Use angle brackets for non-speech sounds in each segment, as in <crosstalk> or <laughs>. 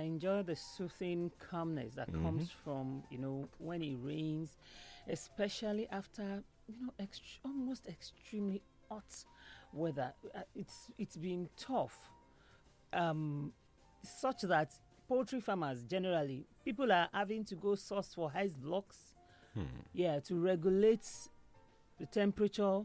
I enjoy the soothing calmness that mm-hmm. comes from, you know, when it rains, especially after, you know, ext- almost extremely hot weather. Uh, it's it's been tough, um, such that poultry farmers generally people are having to go source for ice blocks, hmm. yeah, to regulate the temperature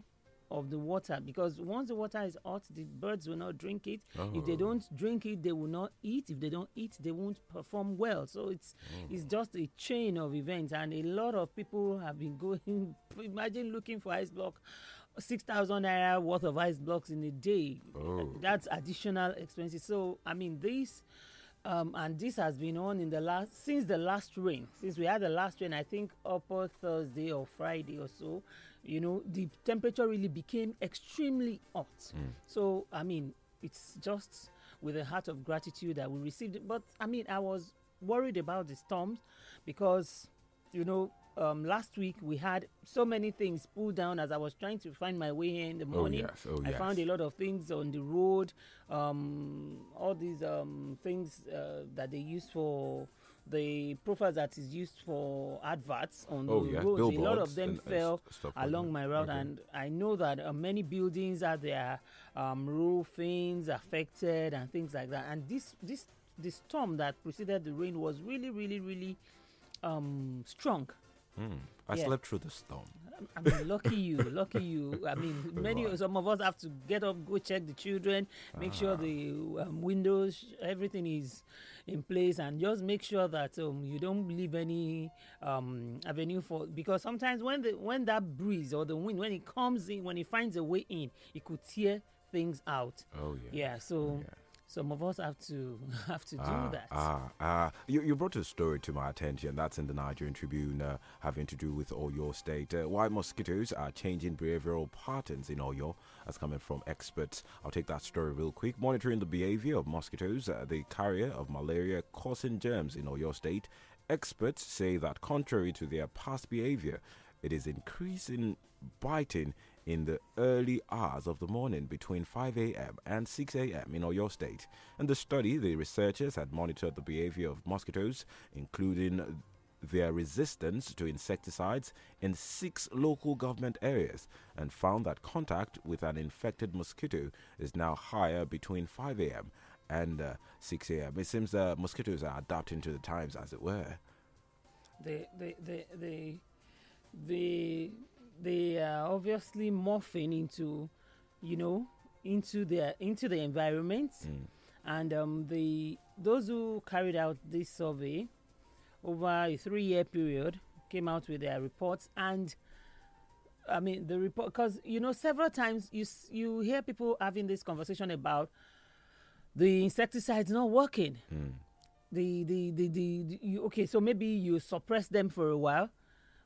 of the water because once the water is hot, the birds will not drink it. Oh. If they oh. don't drink it, they will not eat. If they don't eat, they won't perform well. So it's oh. it's just a chain of events, and a lot of people have been going. <laughs> imagine looking for ice block, six thousand naira worth of ice blocks in a day. Oh. That's additional expenses. So I mean, this um, and this has been on in the last since the last rain since we had the last rain i think upper thursday or friday or so you know the temperature really became extremely hot mm. so i mean it's just with a heart of gratitude that we received it but i mean i was worried about the storms because you know um, last week we had so many things pulled down as I was trying to find my way here in the oh, morning. Oh, yes. Oh, I yes. found a lot of things on the road, um, all these um, things uh, that they use for the profile that is used for adverts on oh, the yes. roads. Billboards a lot of them and, fell and along my route, okay. and I know that uh, many buildings are their um, roofings affected and things like that. And this this the storm that preceded the rain was really, really, really um, strong. Mm, I yeah. slept through the storm. I mean, lucky you, lucky you. I <laughs> mean, many some of us have to get up, go check the children, make ah. sure the um, windows, everything is in place, and just make sure that um, you don't leave any um, avenue for because sometimes when the when that breeze or the wind when it comes in, when it finds a way in, it could tear things out. Oh yeah. Yeah. So. Yeah some of us have to <laughs> have to do ah, that. Ah, ah. You, you brought a story to my attention. That's in the Nigerian Tribune, uh, having to do with Oyo State. Uh, why mosquitoes are changing behavioral patterns in Oyo. That's coming from experts. I'll take that story real quick. Monitoring the behavior of mosquitoes, uh, the carrier of malaria causing germs in Oyo State. Experts say that contrary to their past behavior, it is increasing biting in the early hours of the morning between 5 a.m. and 6 a.m. in Oyo State. In the study, the researchers had monitored the behavior of mosquitoes, including their resistance to insecticides in six local government areas and found that contact with an infected mosquito is now higher between 5 a.m. and uh, 6 a.m. It seems uh, mosquitoes are adapting to the times, as it were. The, the, the, the, the they are obviously morphing into, you know, into their into the environment, mm. and um, the those who carried out this survey over a three-year period came out with their reports and. I mean the report because you know several times you you hear people having this conversation about the insecticides not working. Mm. The, the, the, the, the you, okay, so maybe you suppress them for a while,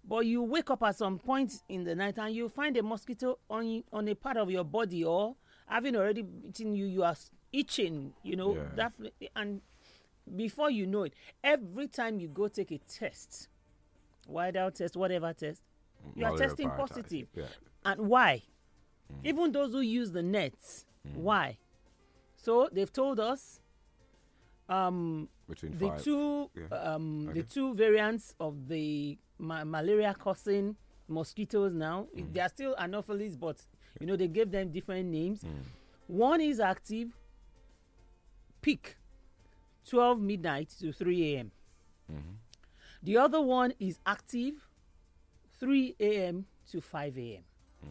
but you wake up at some point in the night and you find a mosquito on on a part of your body or having already bitten you you are itching you know yeah. that and before you know it every time you go take a test wide out test whatever test you are testing positive yeah. and why mm. even those who use the nets mm. why so they've told us um, the five. two yeah. um, okay. the two variants of the ma malaria causing mosquitoes now. Mm. They are still anopheles, but you know, they gave them different names. Mm. One is active peak 12 midnight to 3 a.m. Mm -hmm. The other one is active 3 a.m. to 5 a.m. Mm.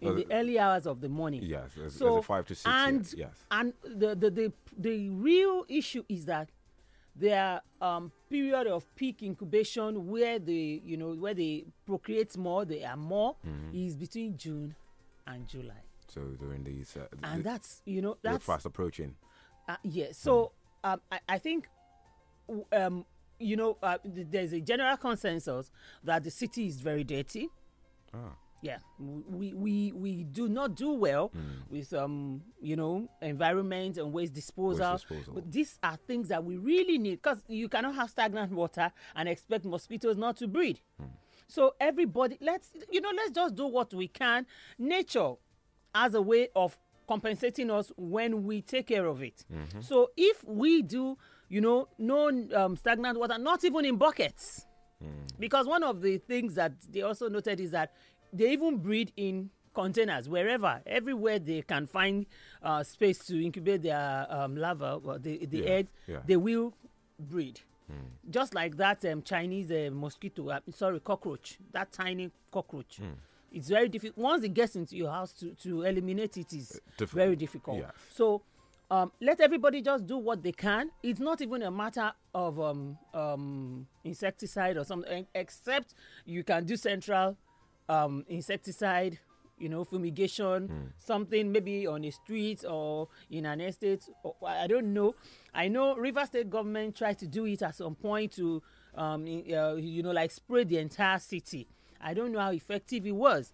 In the, uh, early hours of the morning. Yes, as, so, as five to six. And, yeah, yes. and the, the, the, the real issue is that their um, period of peak incubation where they you know where they procreate more they are more mm-hmm. is between june and july so during these uh, and that's you know that's fast approaching uh, yeah mm-hmm. so mm. um, I, I, think um, you know uh, there's a general consensus that the city is very dirty ah yeah we we we do not do well mm. with um you know environment and waste disposal. waste disposal. but these are things that we really need because you cannot have stagnant water and expect mosquitoes not to breed mm. so everybody let's you know let's just do what we can nature as a way of compensating us when we take care of it mm-hmm. so if we do you know no um, stagnant water not even in buckets hmm. because one of the things that they also noted is that they even breed in containers wherever everywhere they can find uh, space to incubate their um, larvae well, the, the yeah, egg yeah. they will breed mm. just like that um, chinese uh, mosquito uh, sorry cockroach that tiny cockroach mm. it's very difficult once it gets into your house to, to eliminate it is uh, very difficult yeah. so um, let everybody just do what they can. It's not even a matter of um, um, insecticide or something, except you can do central um, insecticide, you know, fumigation, mm. something maybe on a street or in an estate. Or, I don't know. I know River State government tried to do it at some point to, um, uh, you know, like spray the entire city. I don't know how effective it was.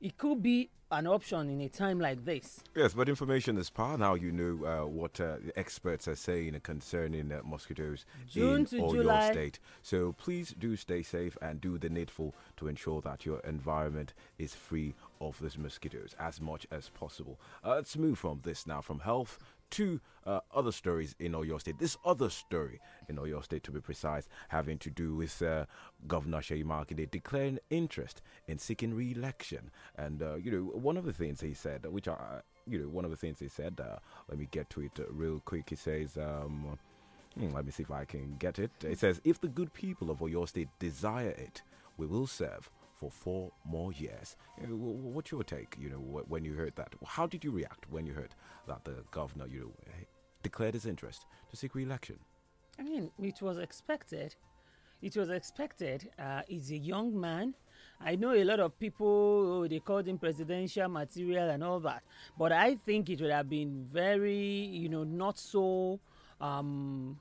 It could be an option in a time like this. Yes, but information is power. Now you know uh, what uh, experts are saying concerning uh, mosquitoes June in all July. your state. So please do stay safe and do the needful to ensure that your environment is free of these mosquitoes as much as possible. Uh, let's move from this now, from health two uh, other stories in Oyo State. This other story in Oyo State, to be precise, having to do with uh, Governor Sheyi Makinde declaring interest in seeking re-election. And uh, you know, one of the things he said, which I, you know, one of the things he said. Uh, let me get to it real quick. He says. Um, hmm, let me see if I can get it. It says, if the good people of Oyo State desire it, we will serve for four more years. Uh, what's your take? You know, when you heard that, how did you react when you heard that the governor, you know, eh, declared his interest to seek re-election? I mean, it was expected. It was expected. Uh, he's a young man. I know a lot of people, oh, they called him presidential material and all that. But I think it would have been very, you know, not so um,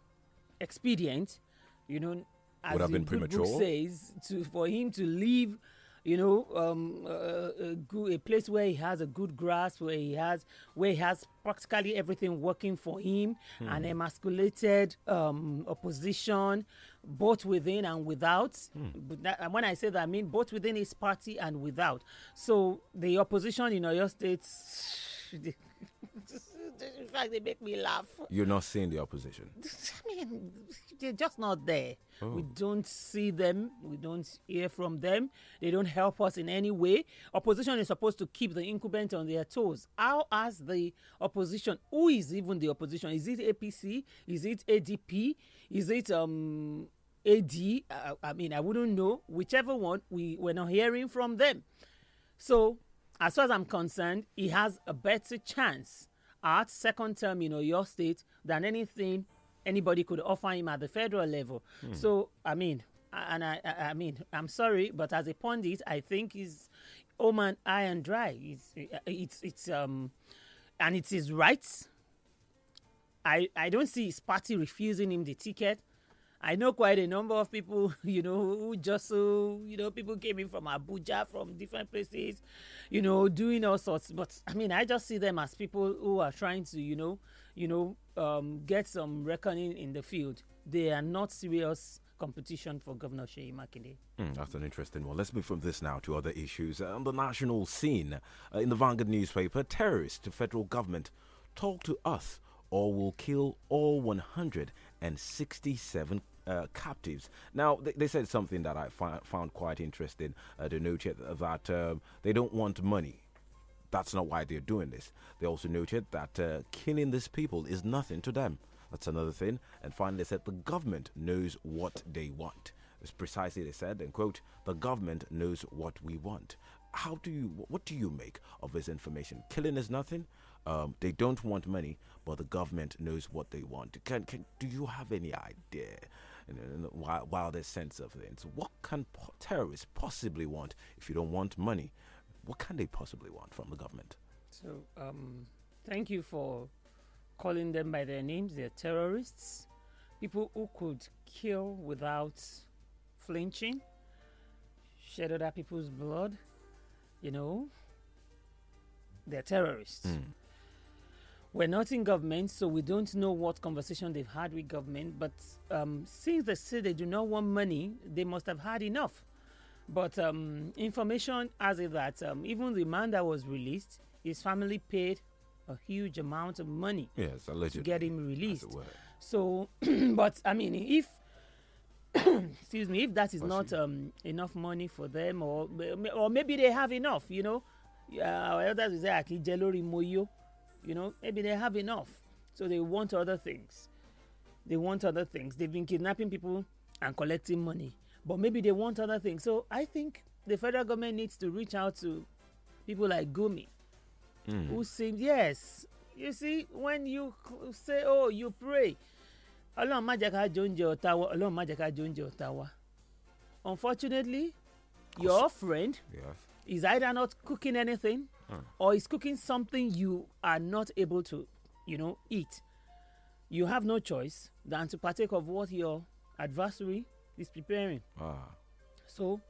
expedient, you know, as would have been premature. Book says to, for him to leave, you know, um, uh, a, good, a, place where he has a good grasp, where he has where he has practically everything working for him, hmm. an emasculated um, opposition, both within and without. Hmm. That, and when I say that, I mean both within his party and without. So the opposition in Oyo State. <laughs> In fact, they make me laugh. You're not seeing the opposition. <laughs> I mean, they're just not there. Oh. We don't see them. We don't hear from them. They don't help us in any way. Opposition is supposed to keep the incumbent on their toes. How has the opposition? Who is even the opposition? Is it APC? Is it ADP? Is it um AD? I, I mean, I wouldn't know. Whichever one, we we're not hearing from them. So, as far as I'm concerned, he has a better chance at second term in Oyo State than anything anybody could offer him at the federal level. Mm. So, I mean, and I, I, mean, I'm sorry, but as a pundit, I think he's Oman high and dry. It's, it's, it's, um, and it's his rights. I, I don't see his party refusing him the ticket. I know quite a number of people, <laughs> you know, who just, so uh, you know, people came in from Abuja, from different places, you know, doing all sorts. But I mean, I just see them as people who are trying to, you know, you know, um, get some reckoning in the field. They are not serious competition for Governor Sheyi Makinde. Mm, that's an interesting one. Let's move from this now to other issues. Uh, on the national scene, uh, in the Vanguard newspaper, terrorists to federal government talk to us or will kill all 100 and 67 uh, captives. Now, they, they, said something that I fi- found quite interesting. Uh, they noted that uh, they don't want money. That's not why they're doing this. They also noted that uh, killing these people is nothing to them. That's another thing. And finally, they said the government knows what they want. It's precisely they said, and quote, the government knows what we want. How do you, what do you make of this information? Killing is nothing. Um, they don't want money, but the government knows what they want. Can, can do you have any idea? You know, wildest sense of things. What can po- terrorists possibly want if you don't want money? What can they possibly want from the government? So, um, thank you for calling them by their names. They're terrorists, people who could kill without flinching, shed other people's blood. You know, they're terrorists. Mm we're not in government, so we don't know what conversation they've had with government. But um, since they say they do not want money, they must have had enough. But um, information as it that um, even the man that was released, his family paid a huge amount of money yes, to get him released. So, <clears throat> but I mean, if <clears throat> excuse me, if that is not um, enough money for them, or or maybe they have enough, you know, uh, others say, you know, maybe they have enough. So they want other things. They want other things. They've been kidnapping people and collecting money. But maybe they want other things. So I think the federal government needs to reach out to people like Gumi, mm. who seems yes, you see, when you say, oh, you pray, Ọlọ́run má jẹ́ ká jóúnjẹ ọ̀tá unfortunately your friend yes. is either not cooking anything mm. or is cooking something you are not able to, you know, eat, you have no choice than to partake of what your adversary is preparing. Ah. So,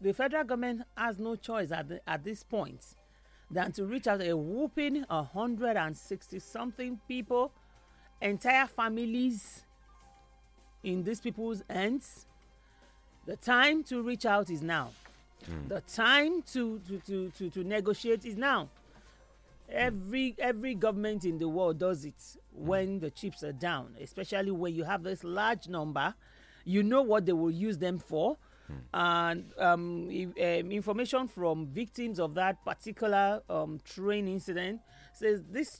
the federal government has no choice at, the, at this point than to reach out a whooping 160 something people, entire families in these people's hands. The time to reach out is now. Mm. The time to, to, to, to, to negotiate is now. Every mm. every government in the world does it mm. when the chips are down, especially when you have this large number. You know what they will use them for, and um, if, um, information from victims of that particular um, train incident says these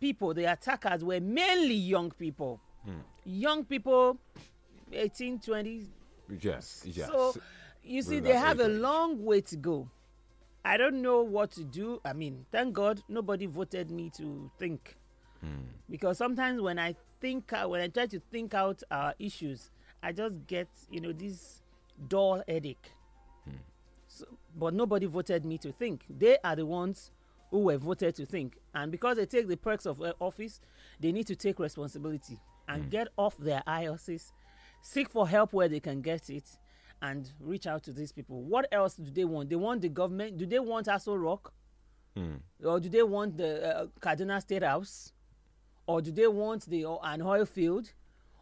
people, the attackers, were mainly young people. Mm. Young people, 18, 20. Yes, yes. So you see, they have a long way to go. I don't know what to do. I mean, thank God nobody voted me to think. Hmm. Because sometimes when I think, when I try to think out our uh, issues, I just get, you know, this dull headache. Hmm. So, but nobody voted me to think. They are the ones who were voted to think. And because they take the perks of uh, office, they need to take responsibility and hmm. get off their IOCs, seek for help where they can get it, and reach out to these people. What else do they want? They want the government. Do they want Aso Rock? Mm. Or do they want the uh, Kaduna State House? Or do they want the uh, an oil field?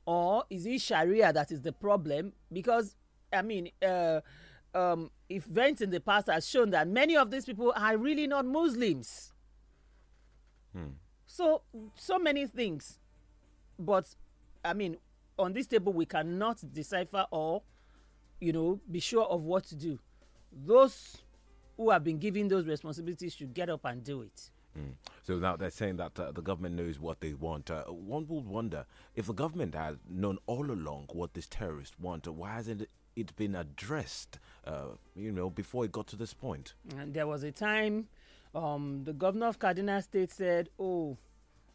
Or is it Sharia that is the problem? Because I mean, uh, um, events in the past has shown that many of these people are really not Muslims. Mm. So so many things, but I mean, on this table we cannot decipher all you know, be sure of what to do. Those who have been given those responsibilities should get up and do it. Mm. So now they're saying that uh, the government knows what they want. Uh, one would wonder if the government had known all along what these terrorists want, why hasn't it been addressed, uh, you know, before it got to this point? And there was a time um, the governor of Kaduna State said, oh,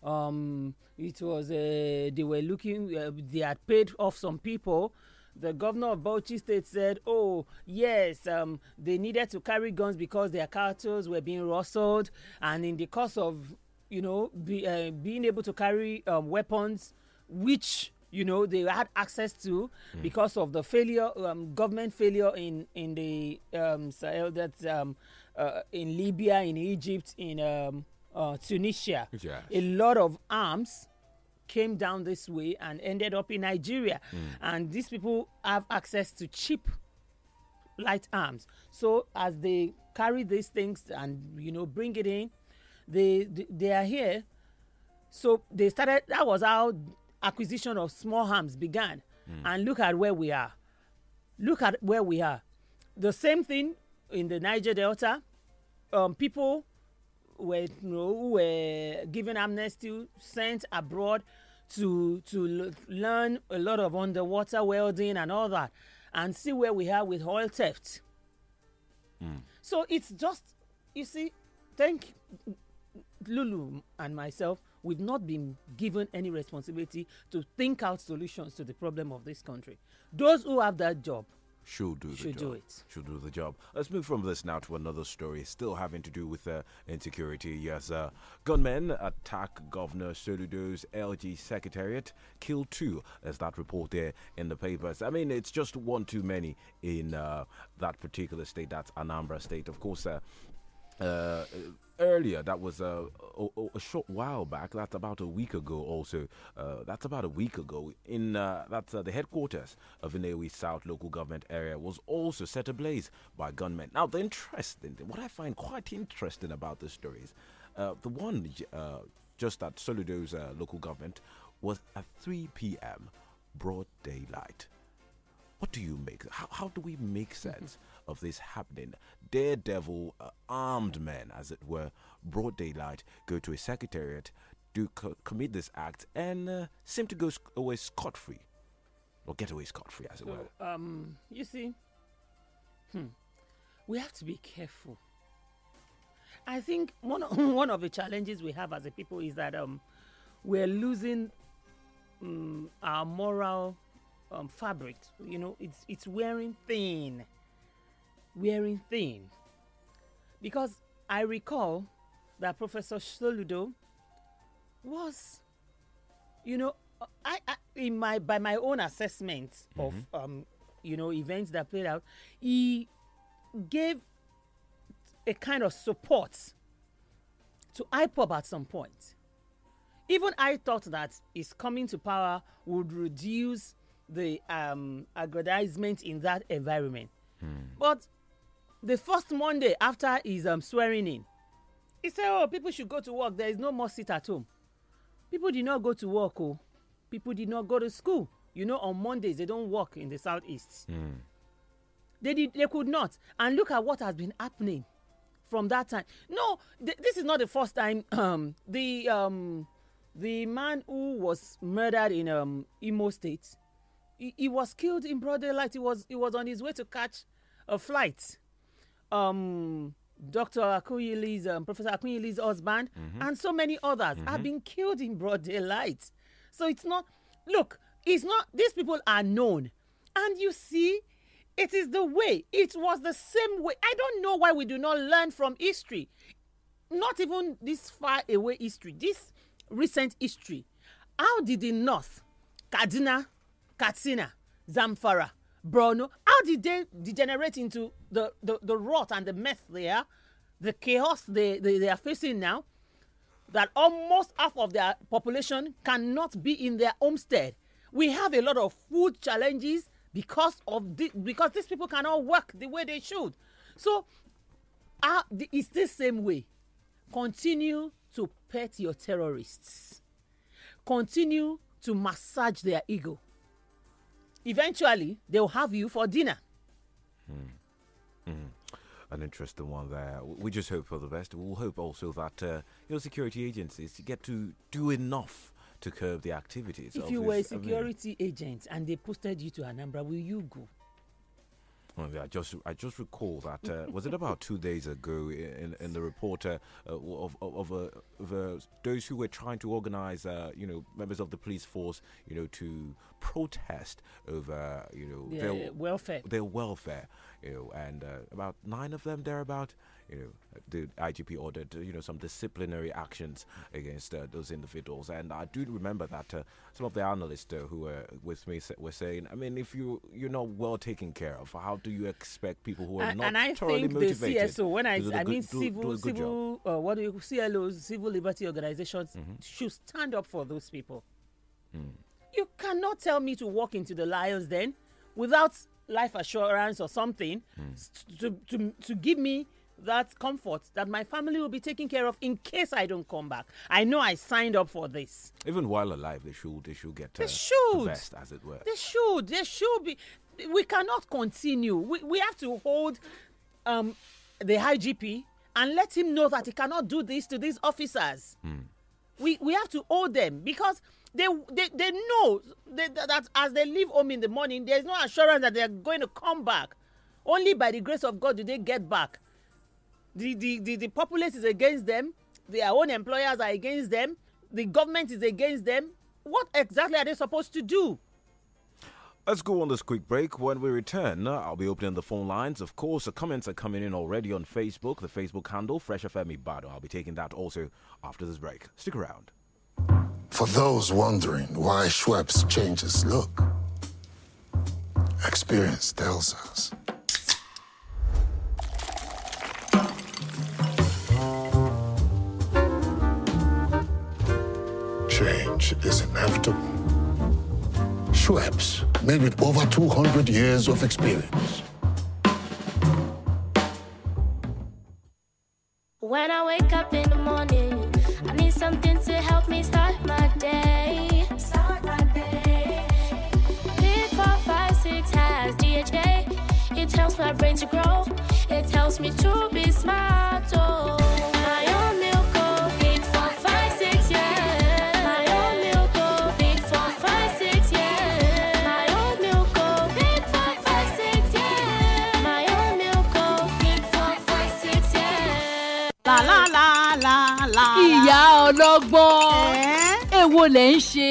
um, it was, uh, they were looking, uh, they had paid off some people the governor of Bauchi State said, "Oh yes, um, they needed to carry guns because their cattle were being rustled, and in the course of you know be, uh, being able to carry um, weapons, which you know they had access to mm. because of the failure, um, government failure in in the um, Sahel, uh, that um, uh, in Libya, in Egypt, in um, uh, Tunisia, yes. a lot of arms." came down this way and ended up in Nigeria. Mm. And these people have access to cheap light arms. So as they carry these things and you know bring it in, they they, are here. So they started. That was how acquisition of small arms began. Mm. And look at where we are. Look at where we are. The same thing in the Niger Delta. Um, people were you know, were given amnesty, sent abroad, to to learn a lot of underwater welding and all that and see where we are with oil theft mm. so it's just you see thank lulu and myself we've not been given any responsibility to think out solutions to the problem of this country those who have that job Should do the job. do it. Should do the job. Let's move from this now to another story, still having to do with uh, insecurity. Yes, uh, gunmen attack Governor Soludo's LG secretariat, kill two. As that report there in the papers. I mean, it's just one too many in uh, that particular state. That's Anambra State, of course. Uh, uh earlier, that was a, a, a, short while back, that's about a week ago also, uh, that's about a week ago, in uh, that's uh, the headquarters of Inewi South local government area was also set ablaze by gunmen. Now, the interesting thing, what I find quite interesting about this story is uh, the one uh, just at Soludo's uh, local government was at 3 p.m., broad daylight. What do you make? How, how do we make mm-hmm. sense? of this happening. Daredevil uh, armed men, as it were, broad daylight, go to a secretariat, do co- commit this act, and uh, seem to go sc- away scot free. Or get away scot free, as so, it were. Um, you see, hmm, we have to be careful. I think one of, <laughs> one of the challenges we have as a people is that um, we're losing um, our moral um, fabric. You know, it's it's wearing thin wearing thin. Because I recall that Professor Soludo was, you know, I, I, in my by my own assessment mm -hmm. of mm-hmm. um, you know events that played out, he gave a kind of support to IPOB at some point. Even I thought that his coming to power would reduce the um, aggrandizement in that environment. Mm. But the first Monday after his um, swearing in, he said, Oh, people should go to work. There is no more sit at home. People did not go to work. Oh. People did not go to school. You know, on Mondays, they don't work in the Southeast. Mm. They, did, they could not. And look at what has been happening from that time. No, th this is not the first time <clears throat> um, the, um, the man who was murdered in um, Imo State, he, he was killed in broad daylight. He was, he was on his way to catch a flight um, Dr. Akunyili's, um, Professor Akunyili's husband, mm -hmm. and so many others mm -hmm. have mm-hmm. been killed in broad daylight. So it's not, look, it's not, these people are known. And you see, it is the way. It was the same way. I don't know why we do not learn from history. Not even this far away history, this recent history. How did the North, Kaduna, Katsina, Zamfara, Bruno, how did they degenerate into the, the, the rot and the mess there, the chaos they, they, they are facing now, that almost half of their population cannot be in their homestead. We have a lot of food challenges because of the, because these people cannot work the way they should. So, uh, it's the same way. Continue to pet your terrorists. Continue to massage their ego. Eventually, they'll have you for dinner. Hmm. Mm. An interesting one there. We just hope for the best. We'll hope also that uh, your security agencies get to do enough to curb the activities. If you were a security I mean, agent and they posted you to Anambra, will you go? Oh, I just I just recall that uh, was it about two days ago in, in the reporter uh, of of, of, uh, of uh, those who were trying to organise uh, you know members of the police force you know to protest over you know yeah, their welfare, their welfare, you know, and uh, about nine of them thereabout, you know, the IGP ordered uh, you know some disciplinary actions against uh, those individuals, and I do remember that uh, some of the analysts uh, who were with me were saying, I mean, if you you're not well taken care of, how do you expect people who are and, not and I think motivated? The CSO, when I, I mean civil, do civil, uh, what do you CLOs, civil liberty organizations mm-hmm. should stand up for those people. Mm. You cannot tell me to walk into the lion's den without life assurance or something mm. to, to, to give me that comfort that my family will be taken care of in case I don't come back. I know I signed up for this. Even while alive, they should they should get uh, they should. the best, as it were. They should. They should be. We cannot continue. We, we have to hold um, the high GP and let him know that he cannot do this to these officers. Mm. We, we have to owe them because they they, they know they, that as they leave home in the morning, there is no assurance that they are going to come back. Only by the grace of God do they get back. The, the, the, the populace is against them, their own employers are against them, the government is against them. What exactly are they supposed to do? Let's go on this quick break. When we return, uh, I'll be opening the phone lines. Of course, the comments are coming in already on Facebook, the Facebook handle Fresh FM Ibadan. I'll be taking that also after this break. Stick around. For those wondering why Schweppes changes look, experience tells us. Change is inevitable. Schweppes, made with over 200 years of experience. Shit.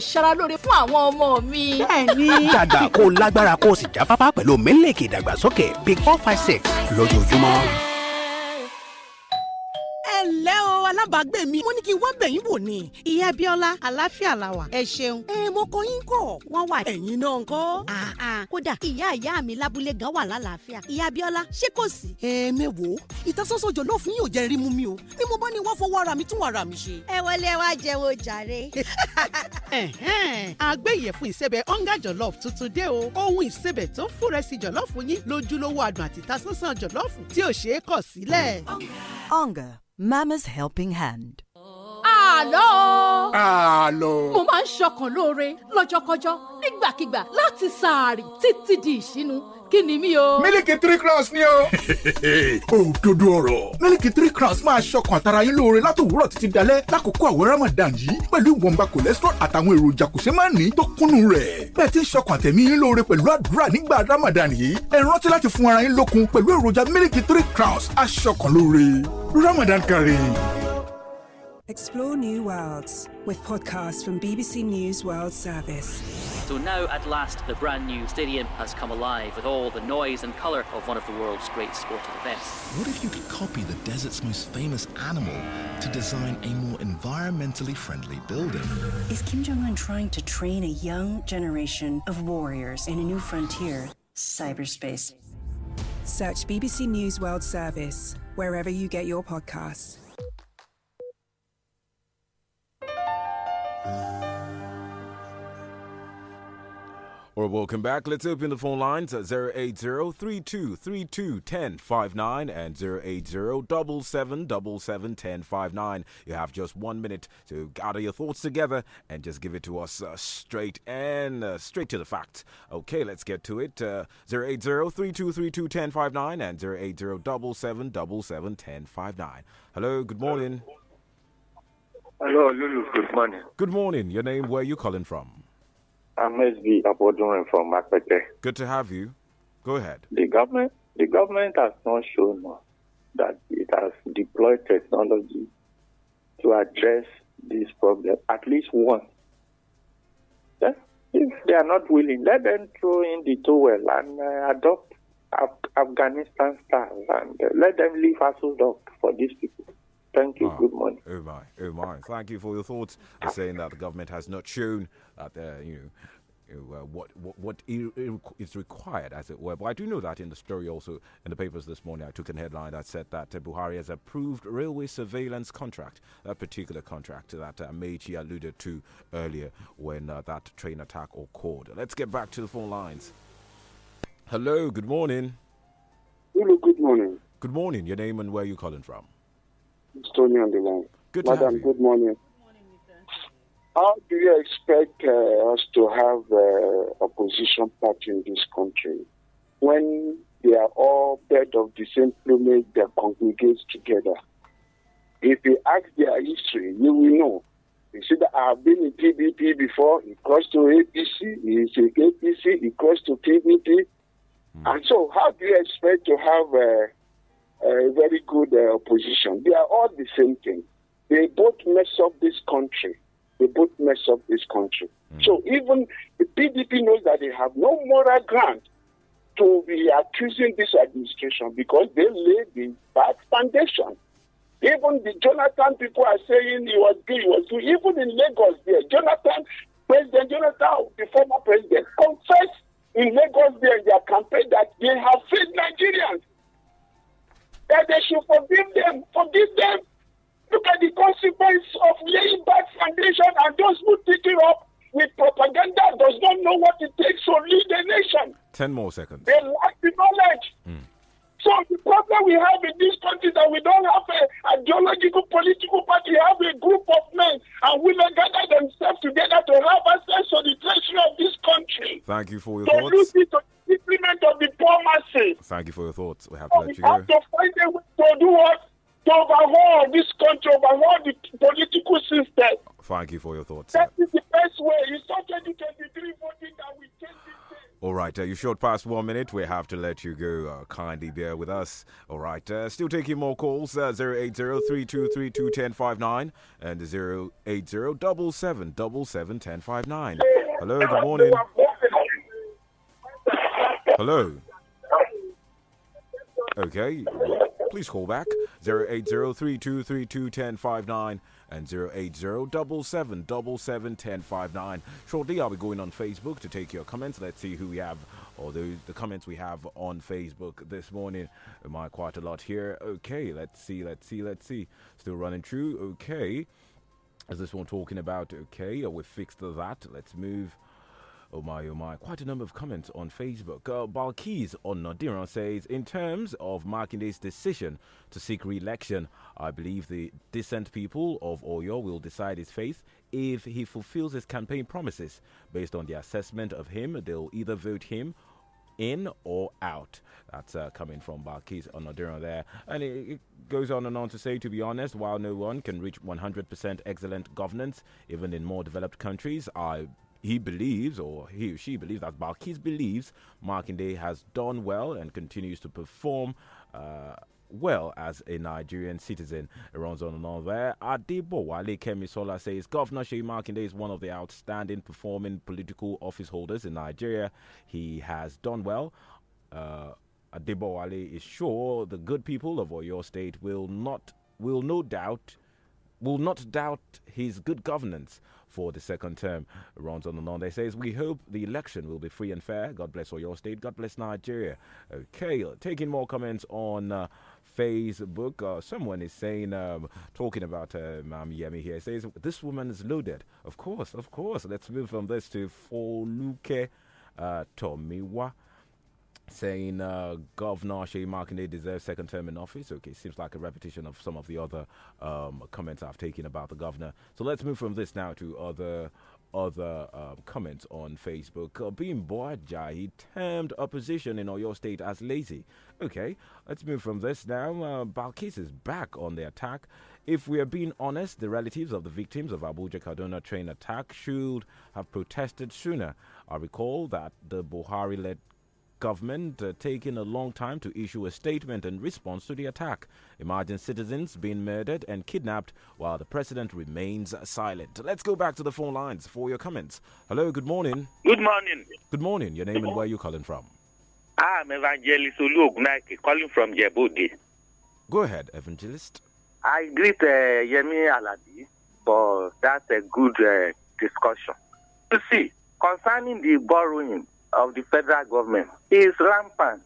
ìṣara lóore fún àwọn ọmọ mi. bẹ́ẹ̀ni. dàgbà kó lágbára kó o sì jáfáfá pẹ̀lú mílíkì ìdàgbàsókè big four five six lójoojúmọ́. alábàágbé mi mo ní kí n wá bẹ̀yìn wò ni. ìyá Bíọ́lá àláfíà la wà ẹ ṣeun. ẹ mo kọ yín kọ wọn wà ẹ̀yin náà ńkọ́. kódà ìyá ìyá mi lábúlé gan wà lálàáfíà ìyá biola. ṣé kò sí. ẹ mẹ́wòó ìtasọ́sọ́ jọ̀lọ́ọ̀fù yín ò jẹ́ rímú mi o ni mo bá ní wá fọwọ́ ara mi tún ara mi ṣe. ẹ wọlé ẹ wá jẹun jàre. àgbẹ̀yẹ̀fun <laughs> ìsẹ̀bẹ̀ ọ̀ngá jọ̀lọ́ọ̀fù tuntun dé o ohun ìsẹ̀bẹ̀ tó fúnrẹ́sì jọ̀lọ́ọ̀fù yín lójúlówó adùn àti ìtasọ́sọ́ jọ̀lọ́ọ̀fù tí ò ṣeé kọ̀ sílẹ̀. ọ̀ngá Mama's Helping Hand. Àlọ́ o. Àlọ́. Mo máa ń ṣọkàn lóore lọ́jọ́kọjọ́ nígbàkigbà láti sàárì títí di ìṣínú kí ni mí o. mílìkì three crowns ni o. <laughs> òdodo ọ̀rọ̀ mílìkì three crowns máa ṣọkàn àtàrà yín lóore látòwúrọ̀ títí dalẹ́ lákòókò àwẹ̀ ramadan yìí pẹ̀lú ìwọ̀nba cholesterol àtàwọn èròjà kò ṣe máa ní tó kúnnú rẹ̀. bẹ́ẹ̀ ti ń ṣọkàn àtẹ̀mí yín lóore pẹ̀lú àdúrà nígbà ramadan yìí ẹ rántí láti fún ara yín lókun pẹ̀lú èròjà mílìkì three crowns aṣọkàn lóore ramadan kari. Explore new worlds with podcasts from BBC News World Service. So now, at last, the brand new stadium has come alive with all the noise and colour of one of the world's great sporting events. What if you could copy the desert's most famous animal to design a more environmentally friendly building? Is Kim Jong un trying to train a young generation of warriors in a new frontier, cyberspace? Search BBC News World Service wherever you get your podcasts. Or welcome back. Let's open the phone lines at 080-3232-1059 and 080-777-1059. You have just one minute to gather your thoughts together and just give it to us uh, straight and uh, straight to the facts. Okay, let's get to it. Uh, 080-3232-1059 and 080-777-1059. Hello, good morning. Hello. Hello, Lulu. Good morning. Good morning. Your name, where are you calling from? I'm SB Abodunrin from Makete. Good to have you. Go ahead. The government, the government has not shown that it has deployed technology to address this problem, at least one. Yeah? If they are not willing, let them throw in the towel and uh, adopt Af Afghanistan style and uh, let them leave us alone for these people. Thank you. Ah, Good morning. Oh my, oh my. Thank you for your thoughts. Saying that the government has not shown that uh, you know. Uh, what what, what is required, as it were. But I do know that in the story also in the papers this morning, I took an headline that said that uh, Buhari has approved railway surveillance contract, that particular contract that uh, Meiji alluded to earlier when uh, that train attack occurred. Let's get back to the phone lines. Hello, good morning. Hello, good morning. Good morning. Your name and where you calling from? Tony on the line. Good Madam, good morning. How do you expect uh, us to have uh, opposition party in this country when they are all bed of the same plumage that congregates together? If you ask their history, you will know. You see that I have been in PDP before, it crossed to APC, it's APC, it crossed to PDP. Mm. And so how do you expect to have uh, a very good uh, opposition. They are all the same thing. They both mess up this country. They both mess up this country. Mm. So even the PDP knows that they have no moral ground to be accusing this administration because they laid the bad foundation. Even the Jonathan people are saying he was good, he was good. Even in Lagos, there, Jonathan, President Jonathan, the former president, confessed in Lagos there in their campaign that they have failed Nigerians that they should forgive them, forgive them. Look at the consequence of laying back foundation and those who pick it up with propaganda does not know what it takes to lead the nation. Ten more seconds. They lack the knowledge. Mm. So the problem we have in this country is that we don't have a ideological political party. We have a group of men and women gather themselves together to have access to the treasury of this country. Thank you for your so thoughts disciplement of the poor masses. Thank you for your thoughts. We have so to let you have to find a way to do what? To overhaul this country, overhaul the political system. Thank you for your thoughts. That is the best way. It's not 2023 voting that we can it. All right, uh, you short past one minute. We have to let you go. Uh, kindly bear with us. All right, uh, still taking more calls. Uh, zero eight zero three two three two ten five nine and zero eight zero double seven double seven ten five nine. Hello, good morning. Hello. Okay. Please call back 80 3232 and 80 777 Shortly, I'll be going on Facebook to take your comments. Let's see who we have or the, the comments we have on Facebook this morning. Am I quite a lot here? Okay, let's see, let's see, let's see. Still running through. Okay. Is this one talking about? Okay, we fixed that. Let's move Oh my, oh my. Quite a number of comments on Facebook. Uh, Balkis on Nadiran says, in terms of Makinde's decision to seek re-election, I believe the decent people of Oyo will decide his fate if he fulfills his campaign promises. Based on the assessment of him, they'll either vote him in or out. That's uh, coming from Barkis Onodura there. And it, it, goes on and on to say, to be honest, while no one can reach 100% excellent governance, even in more developed countries, I he believes, or he or she believes, that Balkis believes Markinde has done well and continues to perform uh, well as a Nigerian citizen. It runs on and on there. Adibo Wale Kemisola says Governor Shey Markinde is one of the outstanding performing political office holders in Nigeria. He has done well. Uh, Adibo is sure the good people of Oyo State will not, will no doubt, will not doubt his good governance for the second term. Runs on and on. They says we hope the election will be free and fair. God bless all your State. God bless Nigeria. Okay, taking more comments on. Uh, Facebook. Uh, someone is saying, um, talking about uh, Mam um, Yemi here, says, This woman is loaded. Of course, of course. Let's move from this to Foluke uh, Tomiwa saying uh, Governor Shea Markinde deserves second term in office. Okay, seems like a repetition of some of the other um, comments I've taken about the governor. So let's move from this now to other other um, comments on Facebook. Kabim he termed opposition in Oyo State as lazy. Okay, let's move from this now. Uh, Balkis is back on the attack. If we are being honest, the relatives of the victims of Abuja Kaduna train attack should have protested sooner. I recall that the Buhari led government uh, taking a long time to issue a statement in response to the attack. Imagine citizens being murdered and kidnapped while the president remains silent. Let's go back to the phone lines for your comments. Hello, good morning. Good morning. Good morning. Your name and where you calling from? I'm Evangelist Oluogunaki calling from Jebudi. Go ahead, Evangelist. I greet uh, Yemi Alabi for that's a uh, good uh, discussion. You see, concerning the borrowing, of the federal government is rampant.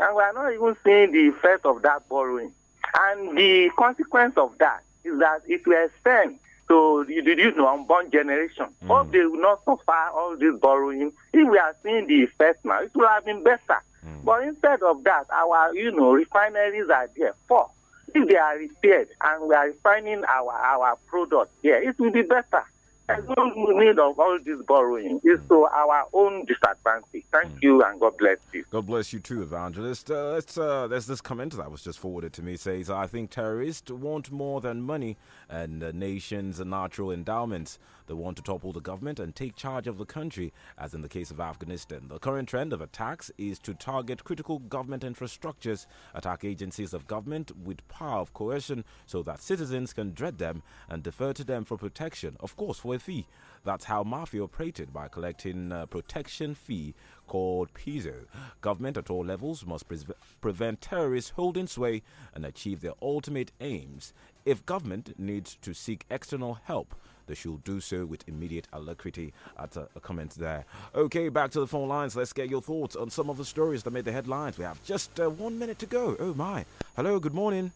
And we are not even seeing the effect of that borrowing. And the consequence of that is that it will extend to the, the, the unborn generation. Mm. Hope they will not suffer all this borrowing. If we are seeing the effect now, it will have been better. Mm. But instead of that, our you know refineries are there. Four. If they are repaired and we are refining our, our product, yeah, it will be better. I don't need of all this borrowing. It's to our own disadvantage. Thank mm. you and God bless you. God bless you too, evangelist. Uh, let's, uh, there's this comment that was just forwarded to me. Says I think terrorists want more than money and the nation's natural endowments. They want to topple the government and take charge of the country, as in the case of Afghanistan. The current trend of attacks is to target critical government infrastructures, attack agencies of government with power of coercion so that citizens can dread them and defer to them for protection, of course, for a fee. That's how mafia operated by collecting a uh, protection fee called PISO. Government at all levels must pre- prevent terrorists holding sway and achieve their ultimate aims. If government needs to seek external help, they should do so with immediate alacrity. At a, a comment there. Okay, back to the phone lines. Let's get your thoughts on some of the stories that made the headlines. We have just uh, one minute to go. Oh my! Hello. Good morning.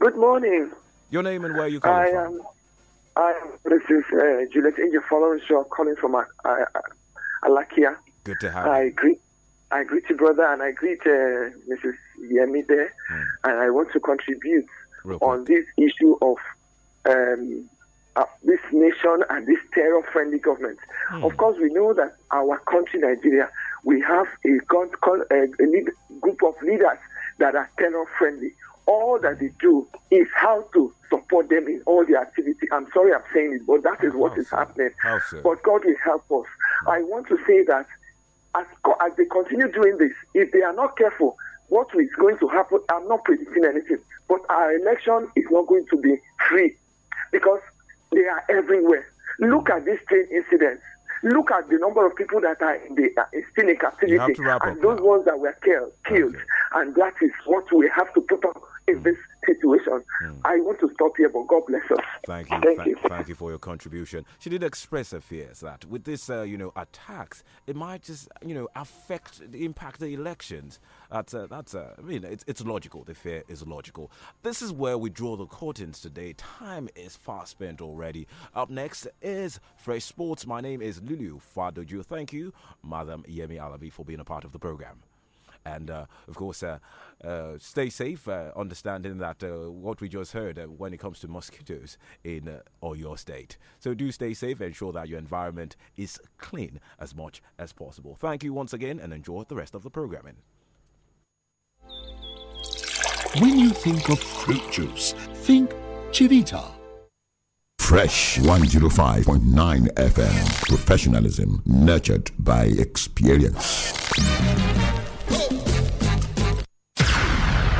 Good morning. Your name and where you come from? Hi, this is uh, Julius Angel following I'm calling from uh, uh, uh, Alakia. Good to have you. I agree. I greet you, brother, and I greet uh, Mrs. Yemi there. Mm. And I want to contribute on this issue of um, uh, this nation and this terror friendly government. Mm. Of course, we know that our country, Nigeria, we have a, uh, a group of leaders that are terror friendly all that they do is how to support them in all their activity. I'm sorry I'm saying it, but that is what happening. But God will help us. I want to say that as, as they continue doing this, if they are not careful, what is going to happen, I'm not predicting anything, but our election is not going to be free because they are everywhere. Look at these train incidents. Look at the number of people that are in the uh, still in captivity and those ones that were killed. killed. Okay. And that is what we have to put up in this situation. Mm. I want to stop here, but God bless us. Thank you. Thank, you. Thank you for your contribution. She did express her fears that with this, uh, you know, attacks, it might just, you know, affect, impact the elections. That's, uh, that's, uh, I mean, it's, it's logical. The fear is logical. This is where we draw the curtains today. Time is fast spent already. Up next is Fresh Sports. My name is Lulu Fadoju. Thank you, Madam Yemi Alabi, for being a part of the program. And uh, of course, uh, uh, stay safe, uh, understanding that what we just heard when it comes to mosquitoes in uh, or your state. So do stay safe, ensure that your environment is clean as much as possible. Thank you once again and enjoy the rest of the programming. When you think of fruit juice, think Chivita. Fresh 105.9 FM. Professionalism nurtured by experience.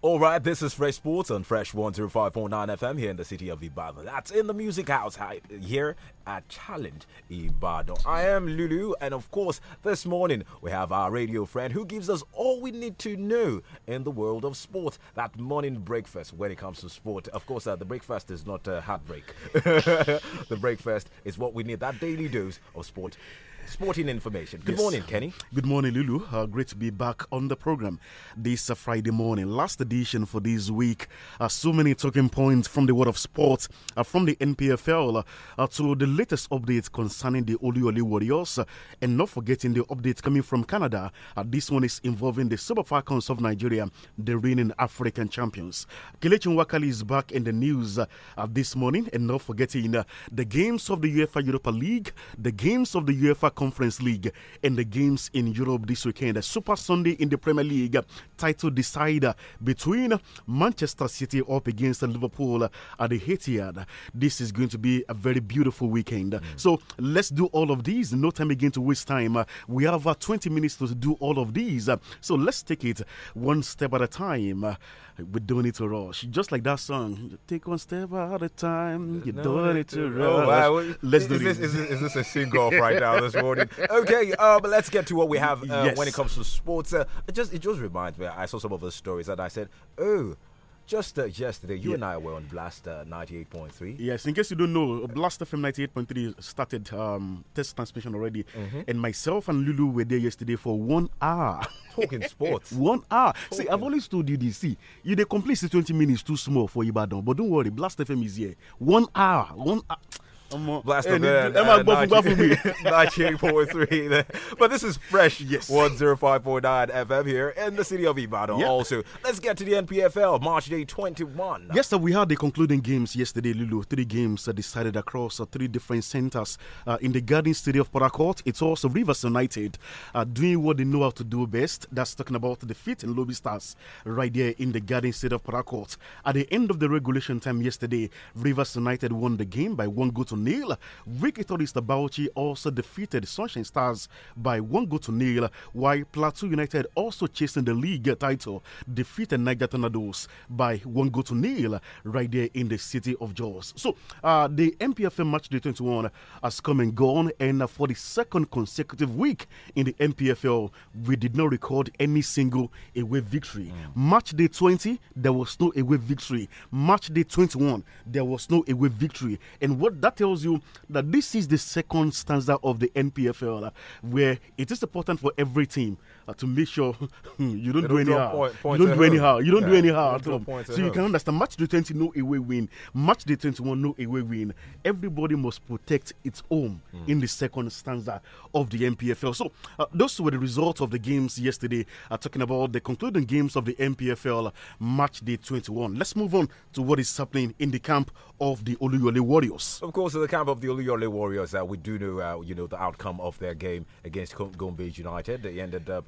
All right, this is Fresh Sports on Fresh 105.9 FM here in the city of Ibadan. That's in the music house here at Challenge Ibadan. I am Lulu, and of course, this morning we have our radio friend who gives us all we need to know in the world of sport. That morning breakfast when it comes to sport. Of course, uh, the breakfast is not a heartbreak, <laughs> the breakfast is what we need that daily dose of sport sporting information. Good yes. morning, Kenny. Good morning, Lulu. Uh, great to be back on the program this uh, Friday morning. Last edition for this week. Uh, so many talking points from the world of sports, uh, from the NPFL uh, uh, to the latest updates concerning the Oli Warriors, and not forgetting the updates coming from Canada. this one is involving the Super Falcons of Nigeria, the reigning African champions. Kelechi Wakali is back in the news this morning, and not forgetting the games of the UEFA Europa League, the games of the UEFA Conference League and the games in Europe this weekend. Super Sunday in the Premier League, title decider between Manchester City up against Liverpool at the Etihad. This is going to be a very beautiful weekend. Mm So let's do all of these. No time again to waste time. We have uh, 20 minutes to do all of these. So let's take it one step at a time. We're doing it to rush. Just like that song. take one step at a time. You're no, doing it to rush. Oh, wow. let's is do this, Is, is this a single off right now this morning? <laughs> Okay, uh, but let's get to what we have uh, yes. when it comes to sports. Uh, it just it just reminds me. I saw some of the stories and I said, oh, just uh, yesterday, you yeah. and I were on Blaster uh, 98.3. Yes, in case you don't know, Blaster FM 98.3 started um, test transmission already. Mm -hmm. And myself and Lulu were there yesterday for one hour. Talking <laughs> sports. one hour. Talking. See, I've always told you this. See, you the complete 20 minutes too small for Ibadan. But don't worry, Blaster FM is here. One hour. One hour ọmọ ẹni ẹ máa gbọ́ fún gbá fún mi. Nine point three. But this is fresh yes. 105.9 FM here in the city of Ibadan yeah. also. Let's get to the NPFL, March Day 21. Yes, sir, we had the concluding games yesterday, Lulu. Three games uh, decided across uh, three different centers uh, in the Garden City of Paracourt. It's also Rivers United uh, doing what they know how to do best. That's talking about the fit and lobby stars right there in the Garden City of Paracourt. At the end of the regulation time yesterday, Rivers United won the game by one goal to nil. Victorista Bauchi also defeated Sunshine Stars by one goal to nil, while Plateau United also chasing the league title defeated Niger Tornadoes by one goal to nil right there in the city of Jaws. So uh, the MPFL match day 21 has come and gone, and uh, for the second consecutive week in the MPFL, we did not record any single away victory. Mm. Match day 20, there was no away victory. Match day 21, there was no away victory. And what that tells tells you that this is the second stanza of the NPFL uh, where it is important for every team uh, to make sure <laughs> hmm, you don't, do anyhow. harm, you don't do any anyhow. You don't do anyhow. harm. So you can understand. Match day 20, no away win. Match day 21, no away win. Everybody must protect its home mm. in the second stanza of the MPFL. So uh, those were the results of the games yesterday. Uh, talking about the concluding games of the MPFL uh, match day 21. Let's move on to what is happening in the camp of the Oluyole Warriors. Of course, in the camp of the Oluyole Warriors, uh, we do know, you know, the outcome of their game against Gombe United. They ended up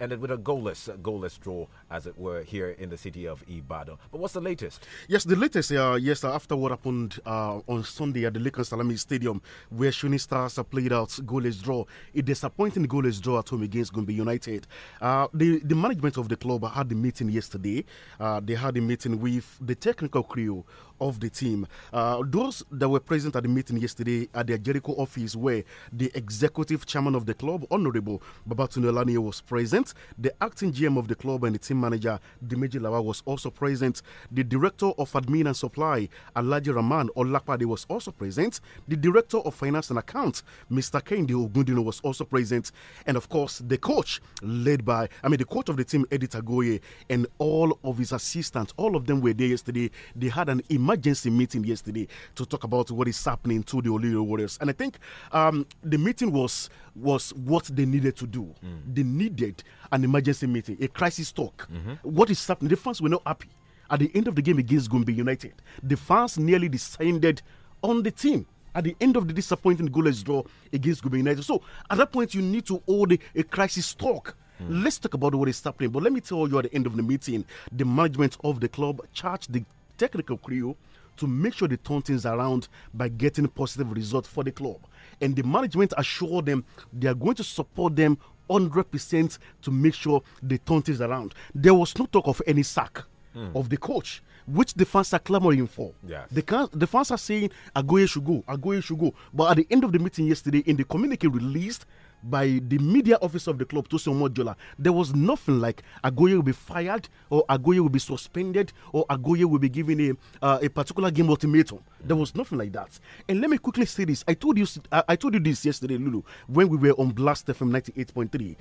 ended with a goalless, goalless draw, as it were, here in the city of Ibadan. But what's the latest? Yes, the latest, uh, yes, uh, after what happened uh, on Sunday at the Lincoln Salami Stadium, where Shuni Stars played out goalless draw, a disappointing goalless draw at home against Gumbi United. Uh, the, the management of the club had the meeting yesterday. Uh, they had a meeting with the technical crew of the team. Uh, those that were present at the meeting yesterday at the Jericho office where the executive chairman of the club, Honorable Babatunde was present event. The acting GM of the club and the team manager, Dimeji Lawa, was also present. The director of admin and supply, Alaji Rahman Olapade, was also present. The director of finance and accounts, Mr. Kende Ogundino, was also present. And of course, the coach, led by, I mean, the coach of the team, Eddie Tagoye, and all of his assistants, all of them were there yesterday. They had an emergency meeting yesterday to talk about what is happening to the Oliro Warriors. And I think um, the meeting was was what they needed to do. Mm. They needed an emergency meeting, a crisis talk. Mm -hmm. What is happening? The fans were not happy. At the end of the game against Gombe United, the fans nearly descended on the team at the end of the disappointing goalless draw against Gombe United. So at that point, you need to hold a, a crisis talk. Mm. Let's talk about what is happening. But let me tell you at the end of the meeting, the management of the club charged the technical crew to make sure they turn things around by getting positive results for the club. And the management assured them they are going to support them 100% to make sure they turn things around. There was no talk of any sack mm. of the coach, which the fans are clamoring for. Yes. The, can, the fans are saying Agoye should go, Agoye should go. But at the end of the meeting yesterday, in the communique released by the media office of the club, Tosin Mojola, there was nothing like Agoye will be fired or Agoye will be suspended or Agoye will be given a, uh, a particular game ultimatum. There was nothing like that. And let me quickly say this. I told you I told you this yesterday, Lulu, when we were on Blast FM 98.3.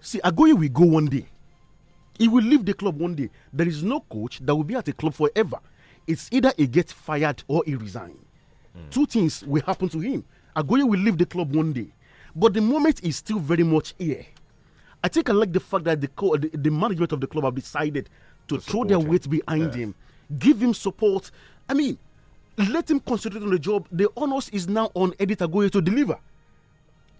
See, Agoye will go one day. He will leave the club one day. There is no coach that will be at a club forever. It's either he gets fired or he resigns. Mm. Two things will happen to him. Agoye will leave the club one day but the moment is still very much here. I think I like the fact that the, the, the management of the club have decided to, to throw their him. weight behind yes. him, give him support. I mean, let him concentrate on the job. The onus is now on Edith Agoye to deliver.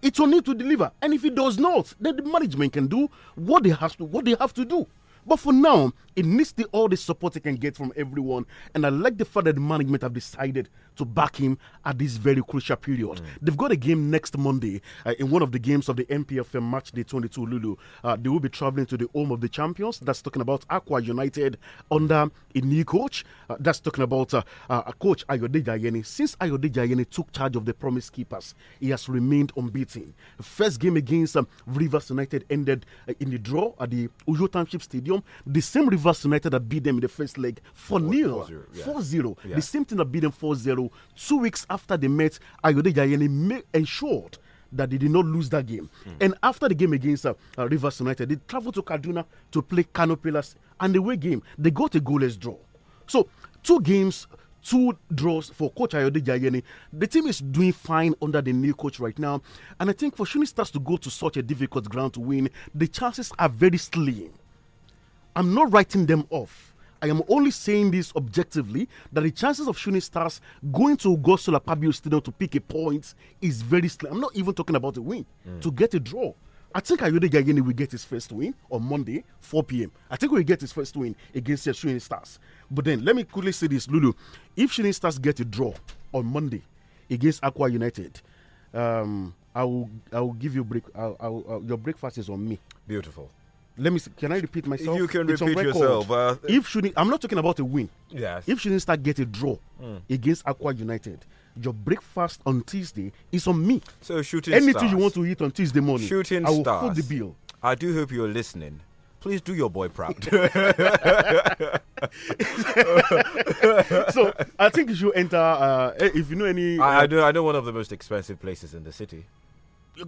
It's on him to deliver, and if he does not, then the management can do what they have to what they have to do. But for now, it needs the, all the support it can get from everyone. And I like the fact that the management have decided to back him at this very crucial period. Mm. They've got a game next Monday uh, in one of the games of the MPFM match day 22 Lulu. Uh, they will be traveling to the home of the champions. That's talking about Aqua United under a new coach. Uh, that's talking about uh, uh, coach Ayode Jayeni. Since Ayode Jayeni took charge of the promise keepers, he has remained unbeaten. First game against um, Rivers United ended uh, in the draw at the Uyo Township Stadium. Stadium, the same Rivers United that beat them in the first leg 4 0. 4 0. The same thing that beat them 4 0. Two weeks after they met, Ayode Jayene ensured that they did not lose that game. Mm. And after the game against uh, uh, Rivers United, they traveled to Kaduna to play Kano Pillars and the away game. They got a goalless draw. So, two games, two draws for coach Ayode Jayeni. The team is doing fine under the new coach right now. And I think for Shuni Stars to go to such a difficult ground to win, the chances are very slim I'm not writing them off. I am only saying this objectively that the chances of shooting stars going to Augusto Pabio Stadium to pick a point is very slim. I'm not even talking about a win. Mm. To get a draw, I think Ayode Gagini will get his first win on Monday, 4 p.m. I think we'll get his first win against the Shooting Stars. But then let me quickly say this, Lulu. If Shooting Stars get a draw on Monday against Aqua United, um, I will I will give you break. I'll, I'll, I'll, your breakfast is on me. Beautiful let me see, can I repeat myself? You can it's repeat yourself. Uh, if shooting, I'm not talking about a win. Yes. If shooting start get a draw mm. against Aqua United, your breakfast on Tuesday is on me. So shooting anything stars. you want to eat on Tuesday morning, shooting I will stars. the bill. I do hope you're listening. Please do your boy proud. <laughs> <laughs> so I think you should enter. Uh, eh, if you know any, uh, I, I know I know one of the most expensive places in the city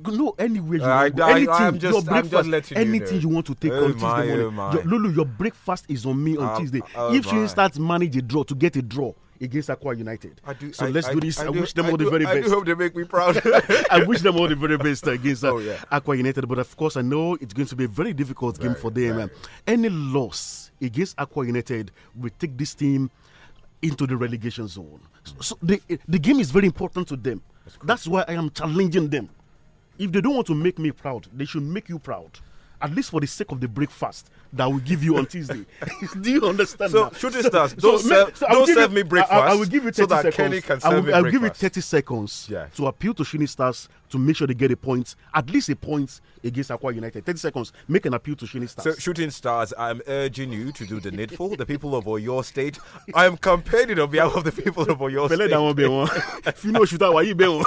no anywhere you I, go. anything I, your breakfast anything you, want to take oh on my, Tuesday eh, morning oh your, Lulu your breakfast is on me on ah, Tuesday oh if you start manage a draw to get a draw against Aqua United. Do, so I, let's I, do this. I, I do, wish them all the very best. I do hope they make me proud. <laughs> I wish them all the very best against uh, oh, yeah. Aqua United. But of course, I know it's going to be a very difficult game for them. Right. Any loss against Aqua United will take this team into the relegation zone. So, so the, the game is very important to them. That's, That's why I am challenging them if they don't want to make me proud, they should make you proud at least for the sake of the breakfast that we give you on Tuesday. <laughs> Do you understand? So, that? shooting so, stars, don't, so, serve, so don't serve me breakfast. I, I, will give you 30 so that seconds. Kenny can serve I will, me I'll give you 30 seconds yeah. to appeal to shooting stars to make sure they get a point, at least a point against Aqua United. 30 seconds, make an appeal to shooting stars. So, shooting stars, I'm urging you to do the needful. the people of your State, I am campaigning on behalf of the people of Oyo State. Pẹ̀lẹ́ dàwọn bẹ̀ wọ́n, Finu Oṣuta wàyí bẹ̀ wọ́n.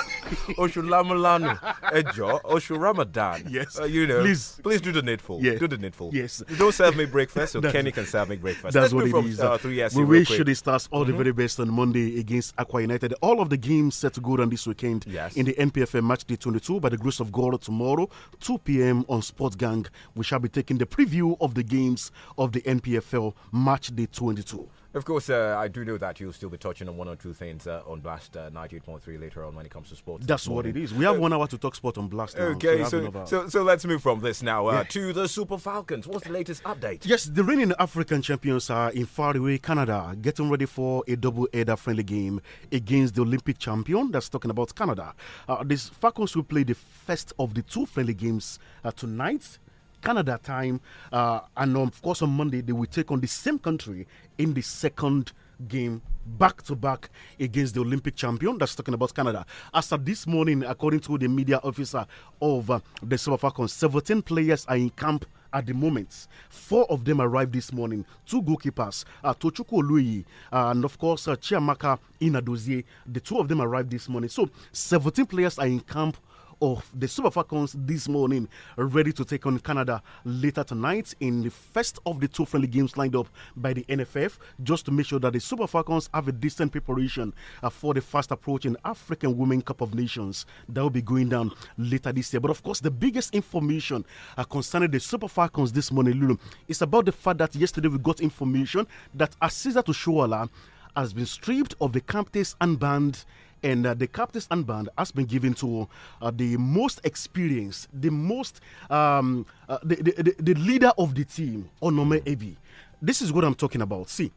Oṣù Lamulanu, Ẹjọ́, Oṣù Ramadan. Yes. Uh, you know, please, please do the the needful. Yeah. Do the needful. Yes. You don't serve me <laughs> breakfast, so Kenny can serve me breakfast. That's Let's what it is. Uh, three we wish you the stars all mm -hmm. the mm-hmm. very best on Monday against Aqua United. All of the games set good on this weekend yes. in the NPFL match day 22 by the grace of God tomorrow, 2 p.m. on Sports Gang. We shall be taking the preview of the games of the NPFL match day 22. Of course, uh, I do know that you'll still be touching on one or two things uh, on Blast uh, 98.3 later on when it comes to sports. That's what it is. We have uh, one hour to talk sport on Blast. Now, okay, so so, so, so, let's move from this now uh, yeah. to the Super Falcons. What's the latest update? Yes, the reigning African champions are in faraway Canada, getting ready for a double header friendly game against the Olympic champion. That's talking about Canada. Uh, these Falcons will play the first of the two friendly games uh, tonight Canada time. Uh, and of course, on Monday, they will take on the same country in the second game back to back against the Olympic champion. That's talking about Canada. As of this morning, according to the media officer of uh, the Super Falcons, 17 players are in camp. At the moment, four of them arrived this morning. Two goalkeepers, uh, Tochuku Oluyi uh, and of course uh, Chiamaka Inadozie. The two of them arrived this morning. So 17 players are in camp of the Super Falcons this morning, ready to take on Canada later tonight in the first of the two friendly games lined up by the NFF, just to make sure that the Super Falcons have a decent preparation uh, for the fast approaching African Women Cup of Nations that will be going down later this year. But of course, the biggest information uh, concerning the Super Falcons this morning, Lulu, is about the fact that yesterday we got information that Asisa Toshuala has been stripped of the captain's and banned and uh, the captain's armband has been given to uh, the most experienced, the most, um, uh, the, the, the, leader of the team, Onome hmm. Ebi. This is what I'm talking about. See,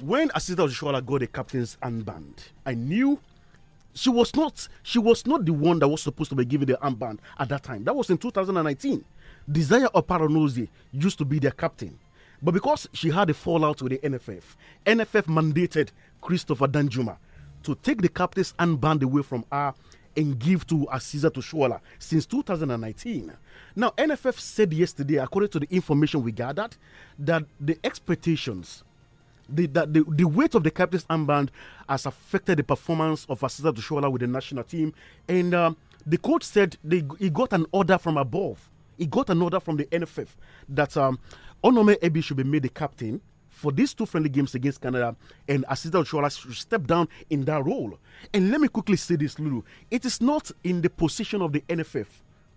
when Asita Oshola got the captain's armband, I knew she was not she was not the one that was supposed to be given the armband at that time. That was in 2019. Desire Oparanozie used to be their captain. But because she had a fallout with the NFF, NFF mandated Christopher Danjuma to take the captives and band away from her and give to Aziza to Shola since 2019. Now, NFF said yesterday, according to the information we gathered, that the expectations, the, that the, the weight of the captain's armband has affected the performance of Aziza to Shola with the national team. And um, the coach said they, he got an order from above. He got an order from the NFF that um, Onome Ebi should be made the captain for these two friendly games against Canada, and Assistant Ochoa should step down in that role. And let me quickly say this, Lulu. It is not in the position of the NFF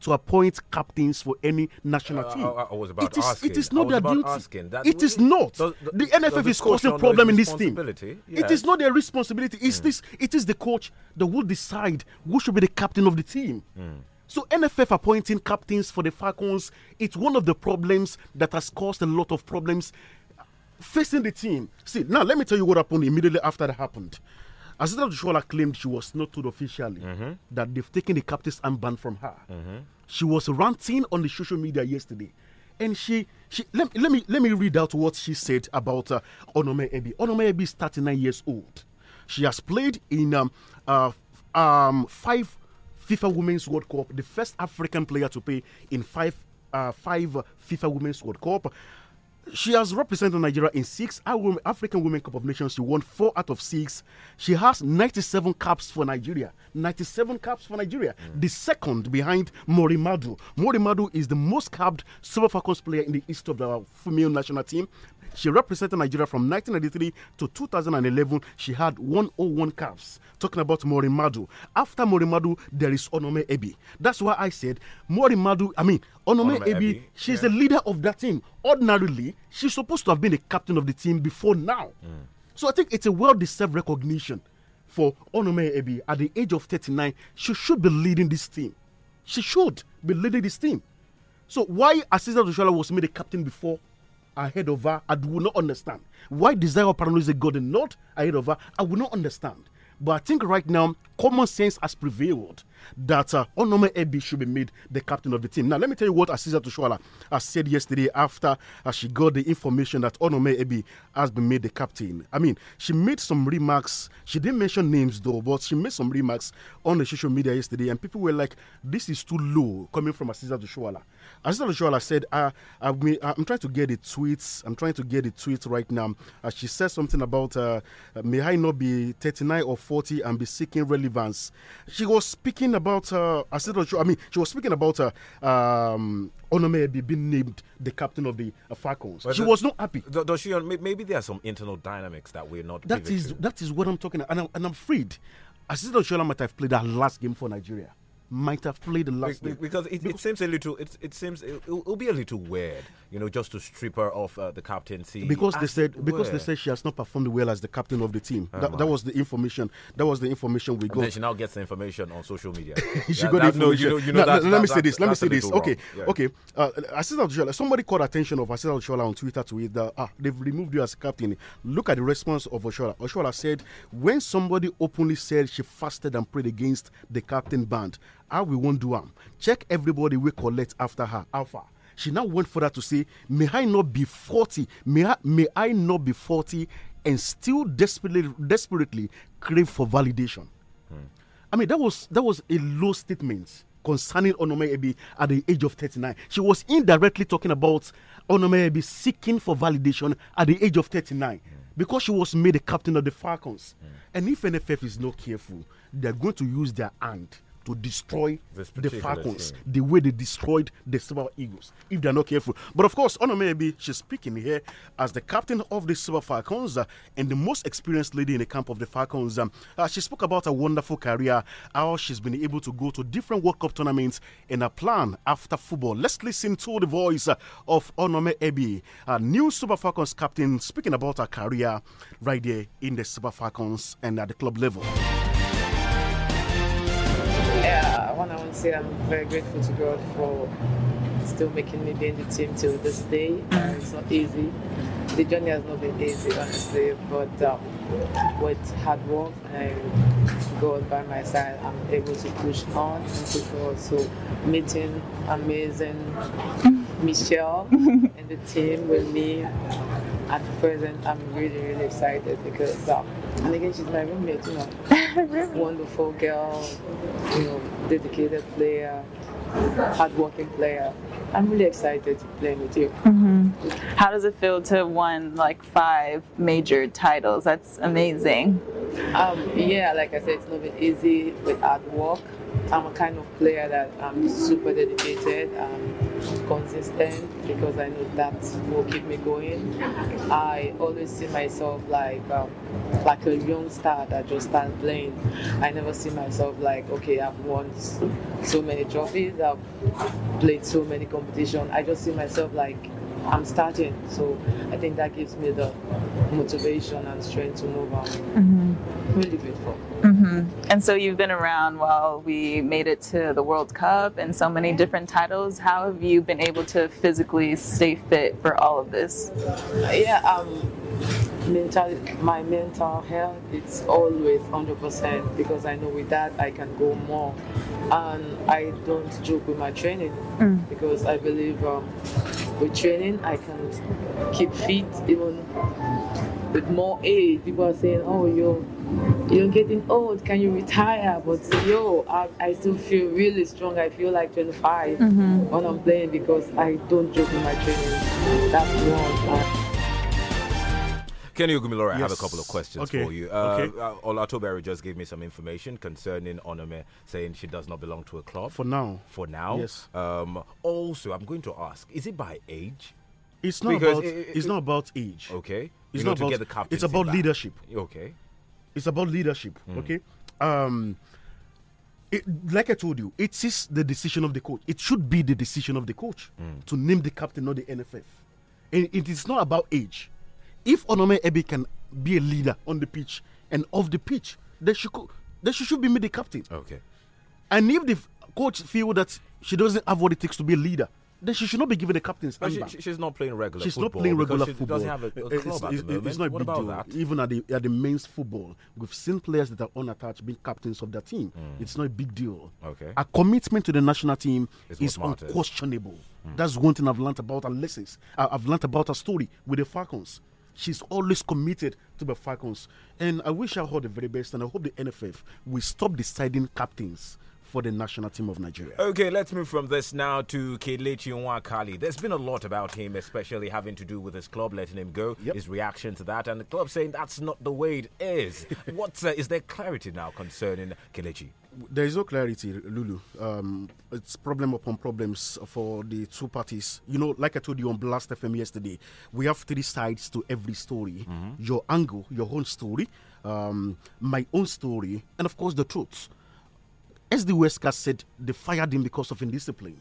to appoint captains for any national uh, team. I, I, was about it is, asking. It is not their duty. Asking that, it is not. does, the NFF is causing problem in this team. Yes. It is not their responsibility. It's mm. this. It is the coach that will decide who should be the captain of the team. Mm. So NFF appointing captains for the Falcons, it's one of the problems that has caused a lot of problems facing the team. See, now let me tell you what happened immediately after that happened. Assistant Joshua claimed she was not told officially mm -hmm. that they've taken the captain's armband from her. Mm -hmm. She was ranting on the social media yesterday. And she, she let, let me let me read out what she said about uh, Onome Ebi. Onome Ebi is 39 years old. She has played in um, uh, um, five FIFA Women's World Cup, the first African player to play in five uh, five FIFA Women's World Cup. She has represented Nigeria in six African Women Cup of Nations. She won four out of six. She has 97 caps for Nigeria. 97 caps for Nigeria. Mm. The second behind Morimadu. Morimadu is the most capped Super Falcons player in the history of the female national team. She represented Nigeria from 1993 to 2011. She had 101 caps. Talking about Morimadu. After Morimadu, there is Onome Ebi. That's why I said Morimadu, I mean, Onome, Onome Ebi, Ebi, she's yeah. the leader of that team. Ordinarily, she's supposed to have been the captain of the team before now. Mm. So I think it's a well deserved recognition for Onome Ebi at the age of 39. She should be leading this team. She should be leading this team. So why Assistant Oshola was made a captain before Ahead of her, I will not understand. Why desire or paranoia is a God and not our head I will not understand. But I think right now common sense has prevailed that uh, Onome Ebi should be made the captain of the team. Now, let me tell you what Asisa Tushwala has said yesterday after uh, she got the information that Onome Ebi has been made the captain. I mean, she made some remarks. She didn't mention names though, but she made some remarks on the social media yesterday, and people were like, "This is too low," coming from Asisa Tushwala. Asisa Tushwala said, uh, I am trying to get the tweets. I'm trying to get the tweet right now." Uh, she said something about, uh, "May I not be 39 or 40 and be seeking relevance." Evans. She was speaking about, uh, I said, oh, I mean, she was speaking about uh, um, Onome being named the captain of the uh, Falcons. But she the, was not happy. Does she? Maybe there are some internal dynamics that we're not. That is to. that is what I'm talking, about. and I'm, and I'm afraid. Asido I oh, might have played her last game for Nigeria might have played the last Be, Because, it, it, seems a little, it, it seems it, will be a little weird, you know, just to strip her of uh, the captaincy. Because they said because where? they said she has not performed well as the captain of the team. Oh that, that, was the information. That was the information we got. And then she now gets the information on social media. <laughs> she yeah, got information. no, you know, you know no, that, let me say this. Let me say this. Okay, yeah. okay. Uh, Assistant Jola, somebody caught attention of Assistant on Twitter to it that ah, they've removed you as captain. Look at the response of Oshola. Oshola said, when somebody openly said she fasted and prayed against the captain band, how we won't do am check everybody we collect after her Alpha. she now went further to say may i not be 40 may i, may I not be 40 and still desperately desperately crave for validation hmm. i mean that was that was a low statement concerning Onome Ebi at the age of 39. She was indirectly talking about Onome Ebi seeking for validation at the age of 39 hmm. because she was made the captain of the Falcons. Hmm. And if NFF is not careful, they're going to use their hand to destroy the Falcons the way they destroyed the Super Eagles if they're not careful. But of course, Honor Maybe, she's speaking here as the captain of the Super Falcons uh, and the most experienced lady in the camp of the Falcons. Um, uh, she spoke about her wonderful career, how she's been able to go to different World Cup tournaments and a plan after football. Let's listen to the voice uh, of Onome Ebi, a uh, new Super Falcons captain, speaking about her career right there in the Super Falcons and at the club level. I want to say, I'm very grateful to God for still making me be in the team till this day. Uh, it's not easy. The journey has not been easy, honestly, but um, with hard work and God by my side, I'm able to push on and push forward. So, meeting amazing mm. Michelle <laughs> and the team with me at present, I'm really, really excited because, uh, and again, she's my roommate, you know. <laughs> really? Wonderful girl, you know, dedicated player, hardworking player. I'm really excited to play with you. Mm-hmm. How does it feel to won like five major titles? That's amazing. Um, yeah, like I said, it's not been easy with hard work. I'm a kind of player that I'm super dedicated. Um, consistent because I know that will keep me going. I always see myself like um, like a young star that just starts playing. I never see myself like okay, I've won so many trophies, I've played so many competitions. I just see myself like I'm starting. So I think that gives me the motivation and strength to move on. Mm-hmm. Really grateful. Mm-hmm. And so you've been around while we made it to the World Cup and so many different titles. How have you been able to physically stay fit for all of this? Uh, yeah, um, mental my mental health it's always 100% because i know with that i can go more and i don't joke with my training mm. because i believe um, with training i can keep fit even with more age people are saying oh you're you're getting old can you retire but yo i, I still feel really strong i feel like 25 mm-hmm. when i'm playing because i don't joke with my training that's one Kenny Ogumilora, yes. I have a couple of questions okay. for you. Uh, okay. Uh, Olatoberi just gave me some information concerning Onome saying she does not belong to a club. For now. For now. Yes. Um, also, I'm going to ask, is it by age? It's not about. It, it, it's not about age. Okay. It's not about. the it's about leadership. Okay. It's about leadership. Mm. Okay. Um. It, like I told you, it is the decision of the coach. It should be the decision of the coach mm. to name the captain, not the NFF. And it is not about age if Onome Ebi can be a leader on the pitch and off the pitch, then she could, then she should be made the captain. Okay. And if the coach feel that she doesn't have what it takes to be a leader, then she should not be given the captain's but She, she's not playing regular. She's not playing regular she football. Doesn't have a, a club it's, it's, it's, not a what about deal. That? Even at the at the men's football, we've seen players that are unattached being captains of their team. Mm. It's not a big deal. Okay. A commitment to the national team it's is unquestionable. Mm. That's one thing I've learned about her lessons. I, uh, I've learned about her story with the Falcons. She's always committed to the Falcons. And I wish her all the very best. And I hope the NFF will stop deciding captains for the national team of Nigeria. Okay, let's move from this now to Kelechi Nwakali. There's been a lot about him, especially having to do with his club letting him go, yep. his reaction to that, and the club saying that's not the way it is. <laughs> what uh, is there clarity now concerning Kelechi? There is no clarity, Lulu. Um, it's problem upon problems for the two parties. You know, like I told you on Blast FM yesterday, we have three sides to every story mm -hmm. your angle, your own story, um, my own story, and of course, the truth. As the Wesker said they fired him because of indiscipline.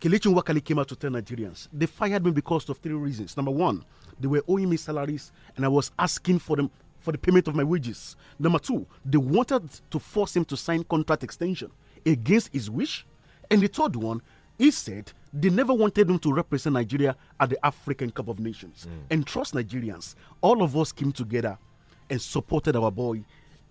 Kelechi Wakali came out to tell Nigerians they fired me because of three reasons. Number one, they were owing me salaries and I was asking for them for the payment of my wages. Number two, they wanted to force him to sign contract extension against his wish. And the third one, he said they never wanted him to represent Nigeria at the African Cup of Nations. Mm. And trust Nigerians, all of us came together and supported our boy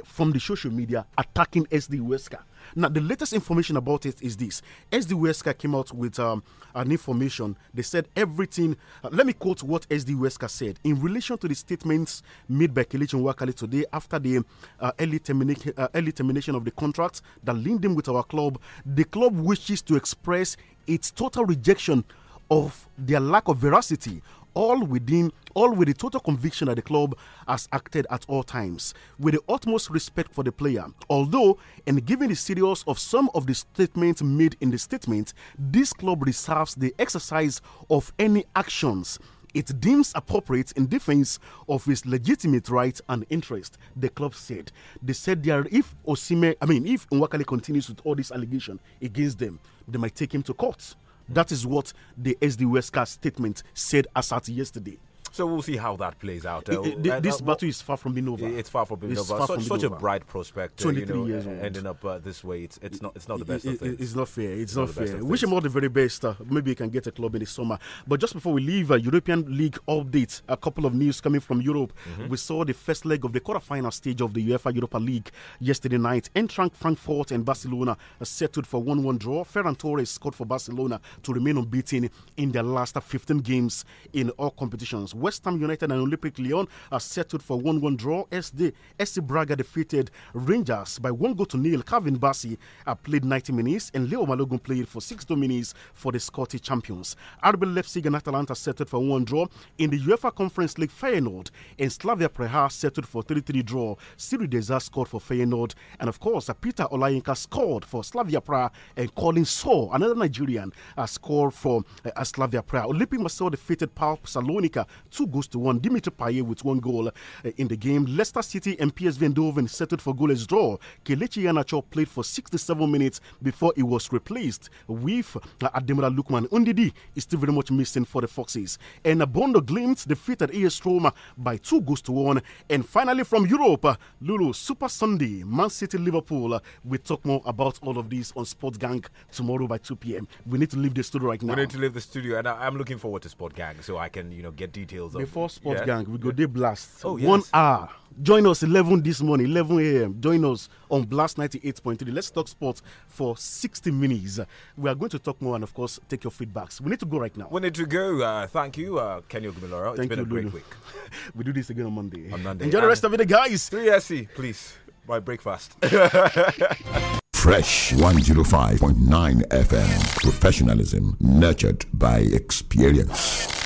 from the social media attacking SD Wesker. Now, the latest information about it is this SD Wesker came out with um, an information. They said everything. Uh, let me quote what SD Wesker said in relation to the statements made by Kelechi Wakali today after the uh, early, termina uh, early termination of the contract that linked him with our club. The club wishes to express its total rejection of their lack of veracity all within all with the total conviction that the club has acted at all times with the utmost respect for the player. Although, and given the seriousness of some of the statements made in the statement, this club reserves the exercise of any actions it deems appropriate in defense of his legitimate rights and interest, the club said. They said there if Osime, I mean, if Nwakali continues with all these allegations against them, they might take him to court. That is what the SD statement said as at yesterday. So we'll see how that plays out. It, it, uh, uh, this uh, battle is far from being over. It's far from being it's over. such, such a bright prospect, uh, you know, years old. ending up uh, this way. It's, it's not it's not the best it, It's not fair. It's, it's not, not fair. Wish him all the very best. maybe he can get a club in the summer. But just before we leave, a European League update. A couple of news coming from Europe. Mm -hmm. We saw the first leg of the quarterfinal stage of the UEFA Europa League yesterday night. Eintracht Frankfurt and Barcelona settled for one-one draw. Ferran Torres scored for Barcelona to remain unbeaten in their last 15 games in all competitions. West Ham United and Olympic Lyon are settled for 1 1 draw. SD, SC Braga defeated Rangers by 1 goal to nil. Calvin Bassi played 90 minutes and Leo Malogun played for 60 minutes for the Scottish champions. RB Leipzig and Atalanta settled for 1 draw. In the UEFA Conference League, Feyenoord and Slavia Praha settled for 3 3 draw. Siri Deza scored for Feyenoord. And of course, Peter Olayinka scored for Slavia Praha and Colin Saw, another Nigerian, scored for uh, Slavia Praha. Olympic Marseille defeated Pau Salonika two goals to one. Dimitri Payet with one goal uh, in the game. Leicester City and PSV Eindhoven settled for goalless draw. Kelechi Iheanacho played for 67 minutes before he was replaced with uh, Ademola Lukman. Undidi is still very much missing for the Foxes. And Bondo Glimt defeated AS Roma by two goals to one. And finally from Europe, uh, Lulu Super Sunday, Man City Liverpool. Uh, we will talk more about all of this on Sport Gang tomorrow by 2 p.m. We need to leave the studio right now. We need to leave the studio, and I, am looking forward to Sport Gang so I can you know get details details before sports gang we go day blast oh, yes. one hour join us 11 this morning 11 a.m join us on blast 98.3 let's talk sports for 60 minutes we are going to talk more and of course take your feedbacks we need to go right now we need to go uh, thank you uh, kenny ogumiloro it's been you, a great Lulu. week <laughs> we do this again on monday on monday enjoy and the rest of it guys 3sc please my breakfast <laughs> Fresh 105.9 FM. Professionalism nurtured by experience.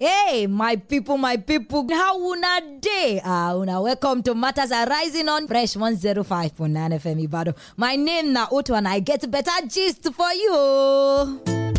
Hey, my people, my people, how una day? Ah, una welcome to Matters Arising on Fresh 105.9 FM Ibado. My name na Otu and I get better gist for you.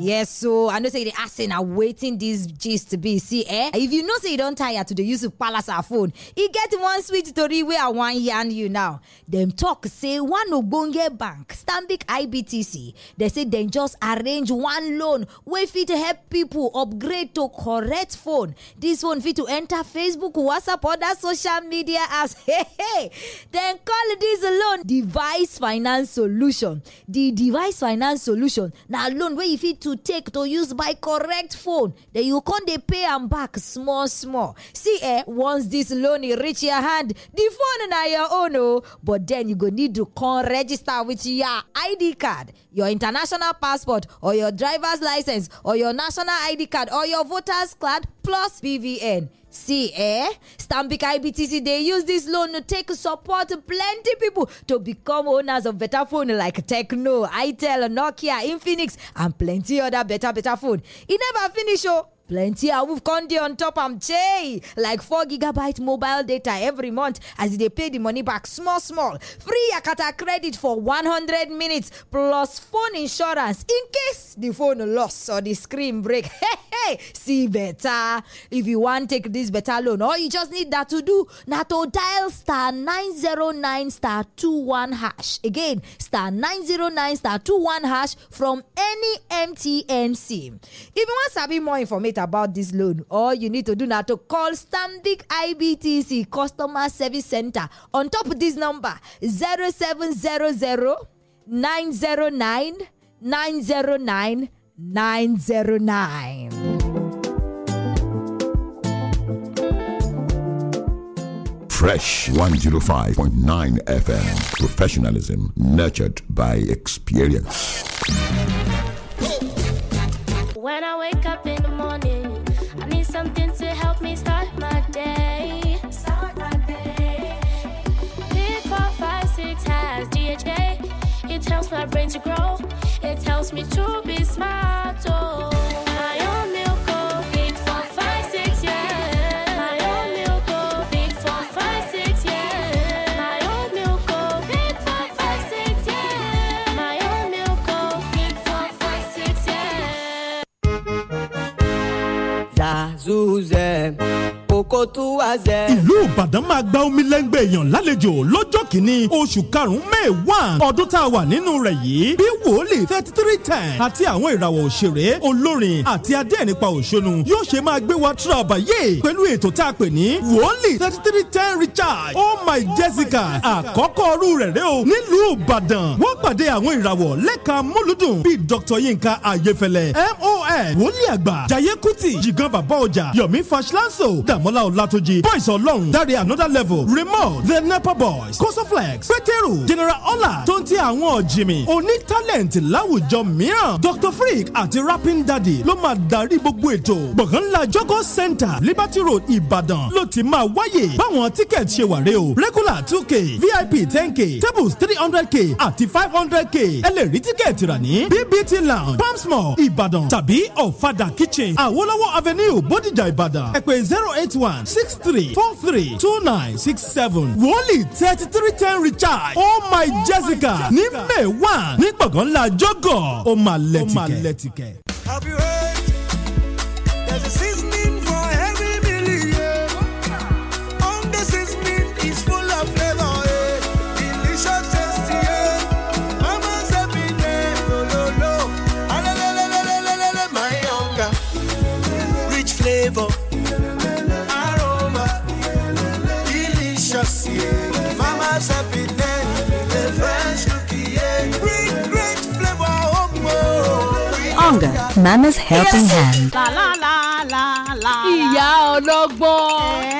Yes, so I know say they asking, I'm waiting this gist to be. See, eh? If you know say you don't tire to the use of palace our phone, you get one sweet story where I want yarn you now. Them talk say one Ogbonge Bank, Stambik IBTC. They say then just arrange one loan where fit help people upgrade to correct phone. This one fit to enter Facebook, WhatsApp, other social media as <laughs> Hey, hey. Then call this loan device finance solution. The device finance solution. Now loan where you fit to to take to use buy correct phone then you can dey pay am back small small see eh once this loan reach your hand the phone na your own o oh. but then you go need to con register with your id card your international passport or your drivers licence or your national id card or your voters card plus bvn See, eh? Stambik IBTC, they use this loan to take support plenty people to become owners of better phone like Techno, Itel, Nokia, Infinix, and plenty other better, better phone. It never finish, oh plenty of con dey on top i am jay like 4 gigabyte mobile data every month as they pay the money back small small free akata credit for 100 minutes plus phone insurance in case the phone lost or the screen break <laughs> hey hey see better if you want take this better loan all you just need that to do na to dial star 909 star 21 hash again star 909 star 21 hash from any mtn sim if you to be more information about this loan, all you need to do now to call Stanbic IBTC Customer Service Center on top of this number 0700 909 909 909. Fresh 105.9 FM. Professionalism nurtured by experience. When I wake up helps my brain to grow. It helps me to be smart. Oh. oh, oh, oh Zuzé. kó tú zẹ. ìlú ìbàdàn máa gba omi lẹ́ngbẹ̀ẹ́ èèyàn lálejò lọ́jọ́ kìíní oṣù karùn-ún may one ọdún tá a wà nínú rẹ̀ yìí bí wòlíì thirty three ten àti àwọn ìràwọ̀ òṣèré olórin àti adẹ́rìnpa òṣónú yóò ṣe máa gbé wa tíràbàyè pẹ̀lú ètò tá a pè ní wòlíì thirty three ten richard oh my jessica àkọ́kọ́ ọrú rẹ̀ rẹ́ o nílùú ìbàdàn wọ́n pàdé àwọn ìràwọ̀ lẹ́ka múlùdùn bíi dr yinka ayefẹlẹ mon wòlíì àgbà jaye kuti jigan bàbá ọjà yomi fashlanso dàmọ́lá Bọ́lá Ọlátúnjí Boys Ọlọ́run Dáre Another Level Remote The Nepa Boys Kosoflex Peteru General Ola tó ń ti àwọn ọ̀jìmì oní talent láwùjọ mìíràn Dr Freak àti Rapping Daddy ló máa darí gbogbo ètò gbọ̀ngànlá Jogo Center Liberty Road Ìbàdàn ló ti máa wáyè báwọn tíkẹ́ẹ̀tì ṣe wà rè o regular two k VIP ten k tables three hundred k àti five hundred k ẹ lè rí tíkẹ́ẹ̀tì rà ní BBT Lounge Palms Mall Ìbàdàn tàbí Ọ̀fadà Kitchen Àwọlọ́wọ́ Avenue Bódìjà Ìbàdàn ẹ pè zero eight one one six three four three two nine six seven wọ́ọ̀lì thirty three ten recharge. oh my jessica ní may one ní gbọ̀ngàn ńlá jọ́gọ̀ ó lẹ́tìkẹ́. Mama's Helping Hand. Ìyá ọlọ́gbọ́n. Eh?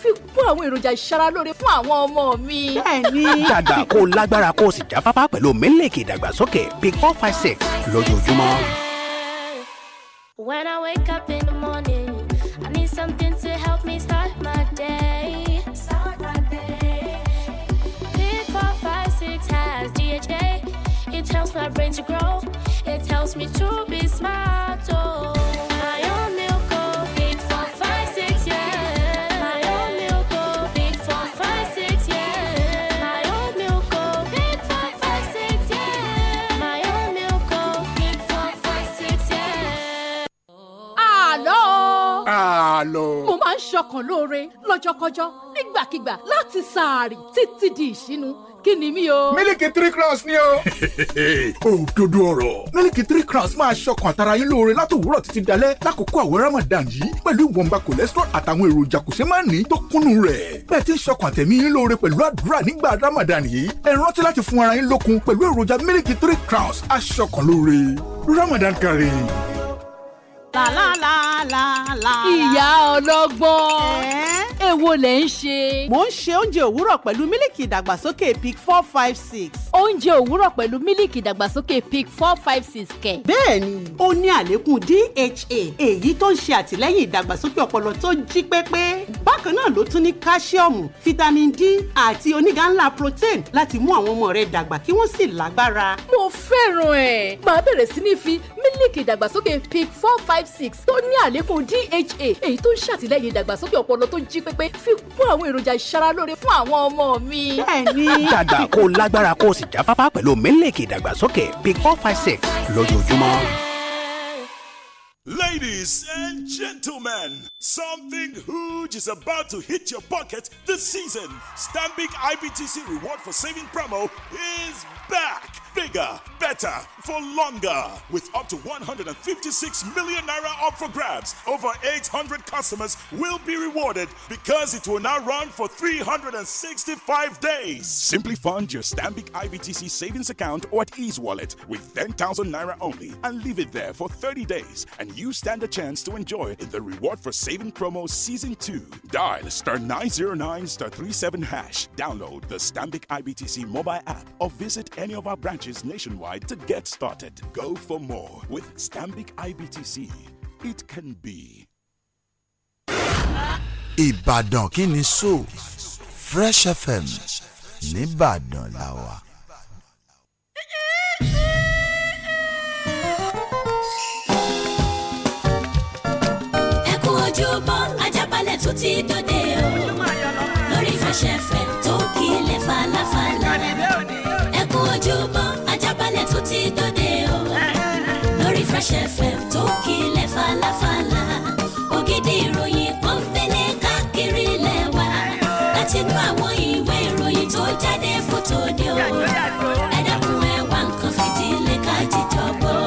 fi kún àwọn èròjà ìṣaralóore fún àwọn ọmọ mi. bẹ́ẹ̀ni. dàgbà kó lágbára kó sì jáfáfá pẹ̀lú mílíkì ìdàgbàsókè big four five six lójoojúmọ́. When I wake up in the morning, I need something to help me start my day. Start my day. Big four five six has DHA. It helps my brain to grow. It helps me to be. máa lọ. mo máa ń ṣọkàn lóore lọ́jọ́kọjọ́ nígbàkigbà láti sàárì títí di ìṣínú kí ni mí o. mílìkì three crowns ni o. <laughs> òdodo ọ̀rọ̀ mílìkì three crowns máa ṣọkàn àtàrà yín lóore látòwúrọ̀ títí dalẹ́ lákòókò àwẹ̀ ramadan yìí pẹ̀lú ìwọ̀nba cholesterol àtàwọn èròjà kò ṣe máa ní tó kúnnú rẹ̀. bẹ́ẹ̀ ti ń ṣọkàn àtẹ̀mí yín lóore pẹ̀lú àdúrà nígbà ramadan yìí ẹ rántí láti fún ara yín lókun pẹ̀lú èròjà mílìkì three crowns aṣọkàn lóore ramadan kari. La ìyá ọlọ́gbọ́n èwo lẹ̀ ń ṣe. mo ń ṣe oúnjẹ òwúrọ̀ pẹ̀lú mílìkì ìdàgbàsókè pic four five six. oúnjẹ òwúrọ̀ pẹ̀lú mílìkì ìdàgbàsókè pic four five six kẹ̀. bẹ́ẹ̀ni ó ní àlékún dha èyí tó ń ṣe àtìlẹ́yìn ìdàgbàsókè ọpọlọ tó jí pépé bákan náà ló tún ní káṣíọ̀mù fítámìn d àti oníga ńlá protein láti mú àwọn ọmọ rẹ dàgbà kí wọ́n sì lágbára. mo fẹ́ràn ẹ̀ máa bẹ̀rẹ̀ sí ní fi mílìkì ìdàgbàsókè pic four five six tó ní àlékún dha èyí tó ń ṣàtìlẹ́yìn ìdàgbàsókè ọpọlọ tó jí pépé fi kún àwọn èròjà ìṣaralóore fún àwọn ọmọ mi. bẹ́ẹ̀ni. dàgbà kó lágbára kó o sì jáfáfá pẹ̀lú mílíkì ìdàgbàsókè big four five six lójoojúmọ́. Ladies and gentlemen, something huge is about to hit your pocket this season. Stambik IBTC reward for saving promo is back bigger, better, for longer. With up to 156 million naira up for grabs, over 800 customers will be rewarded because it will now run for 365 days. Simply fund your Stambic IBTC savings account or at Ease Wallet with 10,000 naira only and leave it there for 30 days, and you stand a chance to enjoy the reward for saving promo season 2. Dial star 909 star 37 hash. Download the Stambic IBTC mobile app or visit any of our branches nationwide to get started. Go for more with Stambic IBTC. It can be. Ìbàdàn kini sọ Fresh FM nìbàdàn làwà. Ẹ kú ti dòde o lórí Fresh FM Toki kílẹ̀ falafala. ojúbọ ajábalẹ̀ tó ti dòde o lórí Fresh FM tó kílẹ̀ falafala ògidì ìròyìn kan fẹlẹ̀ káàkiri lẹ́wà láti inú àwọn ìwé ìròyìn tó jáde fótó ni o ẹ dákun nǹkan fìdílé ká jíjọ gbọ́.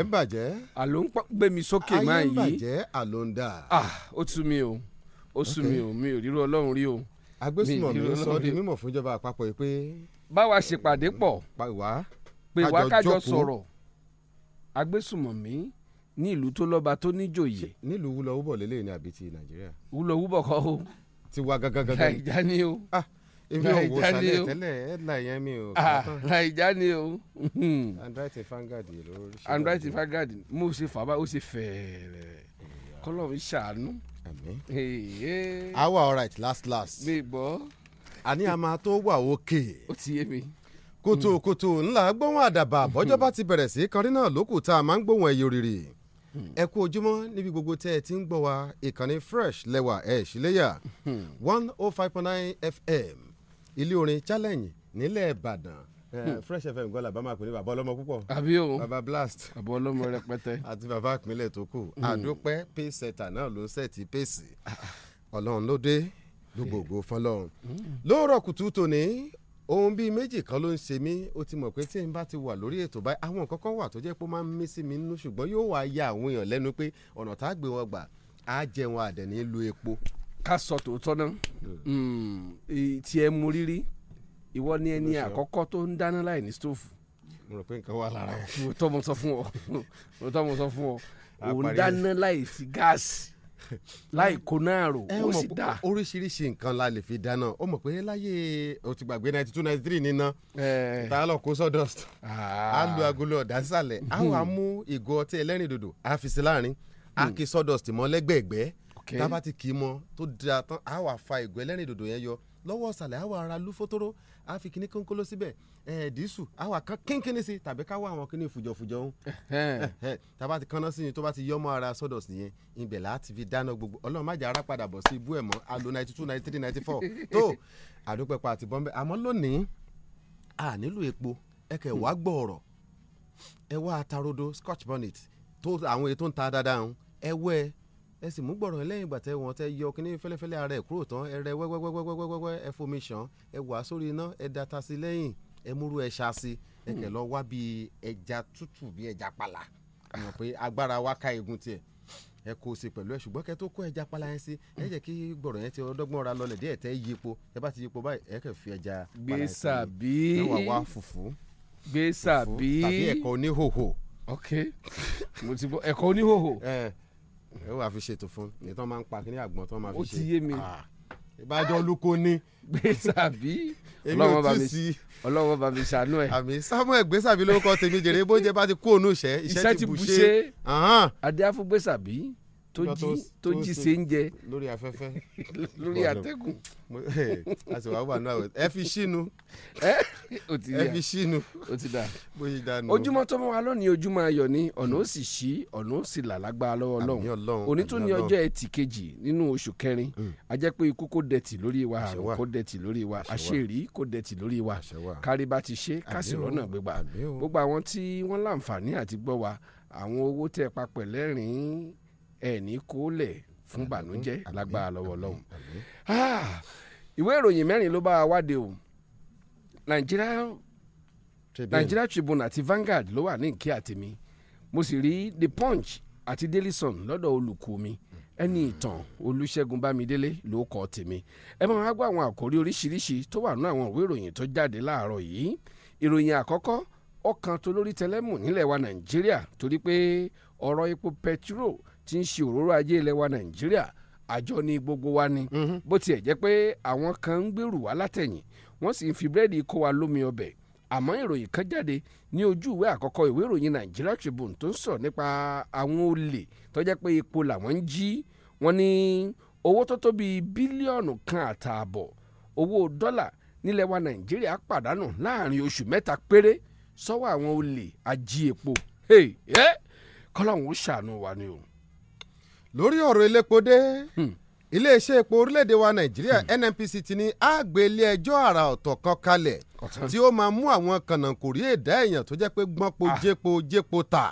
ayé ń bàjẹ́. àló ń gbé mi sókè máa yí. ayé ń bàjẹ́ àló ń dà. ah ó tú mi o ó sú mi o mi ò ríro ọlọ́run rí o. agbésùnmọ̀ mi sọ di mímọ̀ fún ìjọba àpapọ̀ yìí pé. báwa ṣèpàdé hmm, pọ̀ pé wá kájọ sọ̀rọ̀ agbésùnmọ̀ mi ní ìlú tó lọ́ba tó níjòyè. nílùú wúlọ̀ wúbọ̀ lélẹ́yìn ni àbí ti nàìjíríà. wúlọ̀ wúbọ̀ kọ́ o. ti wa gangan gangan. ìjà ni o. ah èmi ò wò sálẹ̀ tẹ́lẹ̀ headline yẹn mi ò. Ah, naija ni o. handwriting hmm. Vanguard yìí ló rí. handwriting Vanguard mo ṣe fàbá ó ṣe fẹ̀ẹ̀rẹ̀ kọ́lọ̀ ń ṣàánú. awa alright last last. mi gbọ́. àní a máa tó wà òkè. ó ti yé mi kùtùkùtù ńlá gbóhùn àdàbà hmm. bọ́jọ́ bá ti bẹ̀rẹ̀ sí kọrin náà lókù tá a máa ń gbóhùn ẹ̀yọ́ rírì hmm. ẹ kú ojúmọ́ níbi gbogbo tẹ́ ẹ ti ń gbọ́ wa ìkànnì fresh lẹ́wà ẹ̀ ṣíléyà one oh five point nine fm ilé orin challenge nílẹ̀ ìbàdàn eh, hmm. Fresh FM gbọ́dọ̀ làbá máa pè ní bàbá ọlọ́mọ púpọ̀ àbí bàbá blast bàbá ọlọ́mọ rẹpẹtẹ <laughs> àti bàbá àpínlẹ̀ tó kù hmm. àdópẹ́ pace setter náà ló ń sẹ́ẹ̀tì pace <laughs> ọlọ́run ló dé gbogbogbò hmm. fọlọ́run lóòrọ̀ kùtù tòní ohun bíi méjì kan ló ń ṣe mí ó ti mọ̀ pé tí n bá ti wà lórí ètò báyìí àwọn nǹkan kan wà tó jẹ́ pé ó máa ń mí sí mi nínú ṣùgbọ́n yóò wá ya àwọn èèyàn lẹ́nu pé ọ̀nà tá a gbé wọn gbà á jẹun àdẹ̀ ní lu epo ká sọ tòótọ́ náà hmm. tí ẹ mú rírí ìwọ ni ẹni àkọ́kọ́ tó ń dáná láì ní stóòfù. mo rò pé nǹkan wà lára ẹ. mo tọ́ mo sọ fún ọ mo tọ́ mo sọ fún ọ òun dáná láì sí gáàsì láì kó ó sì dá. oríṣiríṣi nǹkan la lè fi dáná ó mọ̀ pé láyé o ti gbàgbé ninety two ninety three níná tá a lọ kó sawdust ah. a lu agolo ọ̀dà sísàlẹ̀ a wà mú ìgò ọtí ẹlẹ́rìndòdò a fi sí láàrin a hmm. kì sawdust mọ́ lẹ́gbẹ̀ẹ́gbẹ́ Okay. a bá ti kì í mọ tó da tán a wà fa ìgò ẹlẹ́rìn dòdò yẹn yọ lọ́wọ́ ọ̀sàlẹ̀ a wà ra lú fótóró a fi kíní kónkóló síbẹ̀ ẹ̀ dísù a wà kán kínkínní sí tàbí ká wá àwọn kíní fùjọfùjọ ń tá ti kanná sí ni tó bá ti yọmọ ara sọ́dọ̀ sí yẹn ibẹ̀ là á ti fi dáná gbogbo ọlọ́run má jẹ́ ara padà bọ̀ sí ibú ẹ̀ mọ́ a ninety two ninety three ninety four <laughs> tó àdópẹ́pẹ́ àti bọ́m̀bẹ́ àmọ́ lónìí a nílò epo ẹ kẹ̀ wá gbọ́ ẹ wá atarodo scotch bonnet tó àwọn èyí tó ń ta dáadáa ń ẹ wẹ́ ẹ ẹ sì mú gbọ̀ràn lẹ́yìn ìgbà tẹ wọ́n tẹ yọ kíní fẹ́lẹ́fẹ́lẹ́ ara ẹ̀ kúrò tán ẹ rẹ ẹ fomi ṣàn ẹ wà sórí iná ẹ data sí lẹ́yìn ẹ múrú ẹ ṣá sí ẹ kẹ̀ lọ wá bíi ẹja tútù bíi ẹja pala mọ̀ pé agbára wa ká egun tiẹ̀ ẹ kó o sí pẹ̀lú ẹ ṣùgbọ́n kẹ́ tó kó ẹja pala yẹn sí ẹ jẹ́ kí gbọ̀rọ̀ yẹn ti ọdọ́gbọ́n ra lọlẹ̀ díẹ̀ tẹ́ yípo ẹ bá ti yípo báyìí ẹ kẹ́ fi ẹja pala yẹn <laughs> ẹ wà fi ṣètò fún ní tán máa ń pa kí ní àgbọn tán máa fi ṣe. ó ti yé mi ah, ìbájọ́ olúkọ ní. gbèsàbí ọlọ́wọ́ bá mi ṣàánú ẹ̀. àmì samuel gbèsàbí lórúkọ tèmi jèrè bó jẹ bá ti kú òun iṣẹ́ iṣẹ́ ti bù ṣe. adé afúgbèsàbí tó jí tó jí se ń jẹ lórí afẹ́fẹ́ <laughs> lórí atẹ́gùn. a sì wá wà ní àwẹ̀ ẹ fi sínú ẹ fi sínú o ti da bó ṣe da nù. ojúmọ́ tó mọ́ wa lónìí ojúmọ́ ayọ̀ ni ọ̀nà ó sì ṣí ọ̀nà ó sì là lágbára lọ́wọ́ Ọlọ́run òní tún ní ọjọ́ ẹtì kejì nínú oṣù kẹrin mm. a pé ikú kò dẹ̀tì lórí wa àrùn kò dẹ̀tì lórí wa àṣírí kò dẹ̀tì lórí wa kárí bá ti ṣe kásì rọ́nà gbégbá gbogbo àwọn tí wọ́n láǹfààní àti gbọ́ wa àwọn owó tẹ papẹ̀ lẹ́rìn-ín ẹ̀ẹ́nì kólẹ̀ fún bànújẹ́ alágbára lọ́wọ́ lọ́hùn. Ah, ìwé ìròyìn mẹ́rin ló bá wa wáde o Nigeria Nigeria Tribune àti Vanguard ló wà ní ìkí àtẹ̀mí mo sì rí The Punch àti Daily Sun lọ́dọ̀ olùkọ́ mi ẹni hmm. ìtàn Olúṣẹ́gun Bámidélé ló kọ tèmi ẹ máa gbọ́ àwọn àkórí oríṣiríṣi tó wà nínú àwọn ìwé ìròyìn tó jáde láàárọ̀ yìí ìròyìn àkọ́kọ́ ọkàn tó lórí tẹlẹ́mù nílẹ̀ wa Nàìjíríà torí pé ọ̀rọ̀ epo pẹtiró tí ń ṣe òróró ajé ilẹ̀ wa nàìjíríà àjọ ni gbogbo wa ni mm-hmm. bó tiẹ̀ jẹ́ pé àwọn kan ń gbèrú wa látẹ̀yìn wọ́n sì ń fi búrẹ́dì kó wa lómi ọbẹ̀ àmọ́ ìròyìn kan jáde ní ojú ìwé àkọ́kọ́ ìwé ìròyìn Nigeria Tribune tó ń sọ nípa àwọn olè tó jẹ́ pé epo làwọn ń jí wọ́n ní owó tó tó bíi bílíọ̀nù kan àtààbọ̀ owó dọ́là nílẹ̀ wa nàìjíríà pàdánù láàrin oṣù mẹ́ta péré sọ́wọ́ àwọn olè ají epo hey, eh? kọ́lọ́hún ó ṣàánú wa ni o lórí ọ̀rọ̀ elépo dé hmm. iléeṣẹ́ epo orílẹ̀-èdè wa nàìjíríà hmm. nnpc ti ní àgbè ilé ẹjọ́ àrà ọ̀tọ̀ kan kalẹ̀ tí ó máa mú àwọn kànáńkòrí ẹ̀dá èèyàn tó jẹ́ pé gbọ́npo ah. jépo jépo tà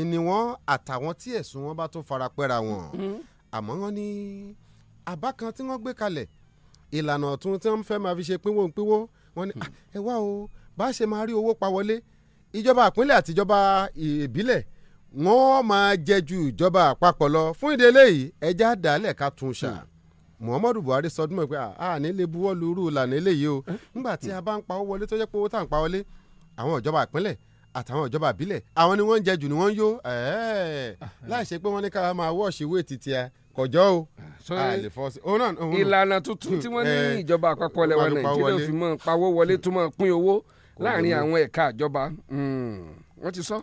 ìní wọn àtàwọn tí ẹ̀sùn wọn bá tó fara pẹ́ra wọn hmm. àmọ́ wọn ní àbá kan tí wọ́n gbé kalẹ̀ ìlànà ọ̀tún tí wọ́n fẹ́ máa fi ṣe pínwó pínwó wọn ní ah, ẹ wá o bá ṣe máa rí owó pa wọlé ìjọba àpínlẹ̀ àtijọba ìbílẹ̀ wọ́n máa jẹ ju ìjọba àpapọ̀ lọ fún ìdílé yìí ẹja dàálẹ̀ ká tún ṣà hmm. muhammadu buhari sọdún mọ̀ pé a ní lè buwọ́ lu irú ìlànà eléyìí o hmm. nígbà tí a bá ń pa owó wọlé tó jẹ́ pé owó tá à ń pa wọlé àwọn ìjọba ìpínlẹ̀ àtàwọn ìjọba àbílẹ̀ àwọn ni wọ́n ń jẹ jù ni wọ́n ń yó láì ṣe pé wọ́n ní ká máa wọ́ọ̀ṣì wé títí a kọjọ́ o àlè fọ́ọ̀sì. ìlànà tuntun tí wọ́n ní ìjọba àpapọ̀ lẹ́wọ̀n nàìjíríà fi mọ̀ pawó wọlé tó mọ̀ pín owó láàrin àwọn ẹ̀ka ìjọba hmm. wọ́n ti sọ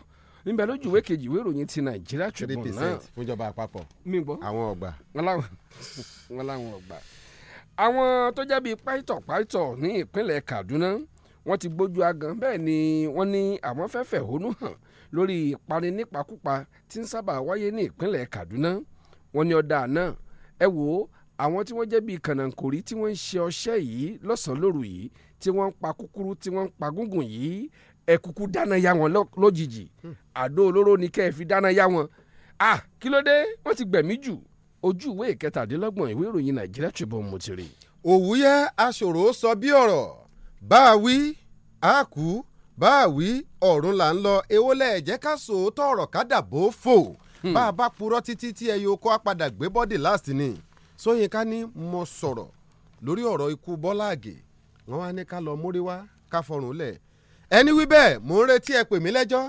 níbẹ̀ lójú ìwé kejì ìwé ìròyìn ti nàìjíríà tribune náà three percent fúnjọba àpapọ̀ mi gbọ́ àwọn ọgbà wọn láwọn ọgbà àwọn tó jẹ́ bíi pàìtọ̀ ní ìpínlẹ̀ kaduna wọ́n ti gbójú agan bẹ́ẹ̀ ni wọ́n ní àwọn fẹ́ fẹ̀hónú hàn lórí ìparí nípakúpa tí ń sábà wáyé ní ìpínlẹ̀ kaduna wọ́n ní ọ̀dà náà ẹ wò ó àwọn tí wọ́n jẹ́ bíi kànáńkòrí tí wọ́n ń ṣe ọṣẹ́ yìí lọ́sàn-án lóru yìí tí wọ́n ń pa kúkúrú tí wọ́n ń pa gúngùn yìí ẹ kúkú dáná ya wọn lójijì hmm. àdó olóró ni kẹ́ ẹ fi dáná ya wọn ah kí ló dé wọ́n ti gbẹ̀mí jù ojú ìwé ìkẹtàdínlọ́gbọ̀n ìwé ìròyìn nàìjíríà Tribune mo ti rí. òwúyẹ́ aṣòro sọ bí ọ̀rọ̀ bá a wí a kú bá a wí ọ̀run là ń lọ ewolẹ̀ ẹ̀jẹ̀ ká sòótọ́ ọ̀rọ̀ ká dàbò fò hmm. bá a bá purọ́ títí tí ẹyẹ oko apadà gbé bọ́dì last ni Ṣóyínká ní mo sọ̀rọ̀ lórí ọ̀rọ̀ ikú Bọ́lá Àgè wọ́n wá ní ká lọ mórí wá ká fọrùn lẹ̀ ẹni wí bẹ́ẹ̀ mò ń retí ẹ pè mí lẹ́jọ́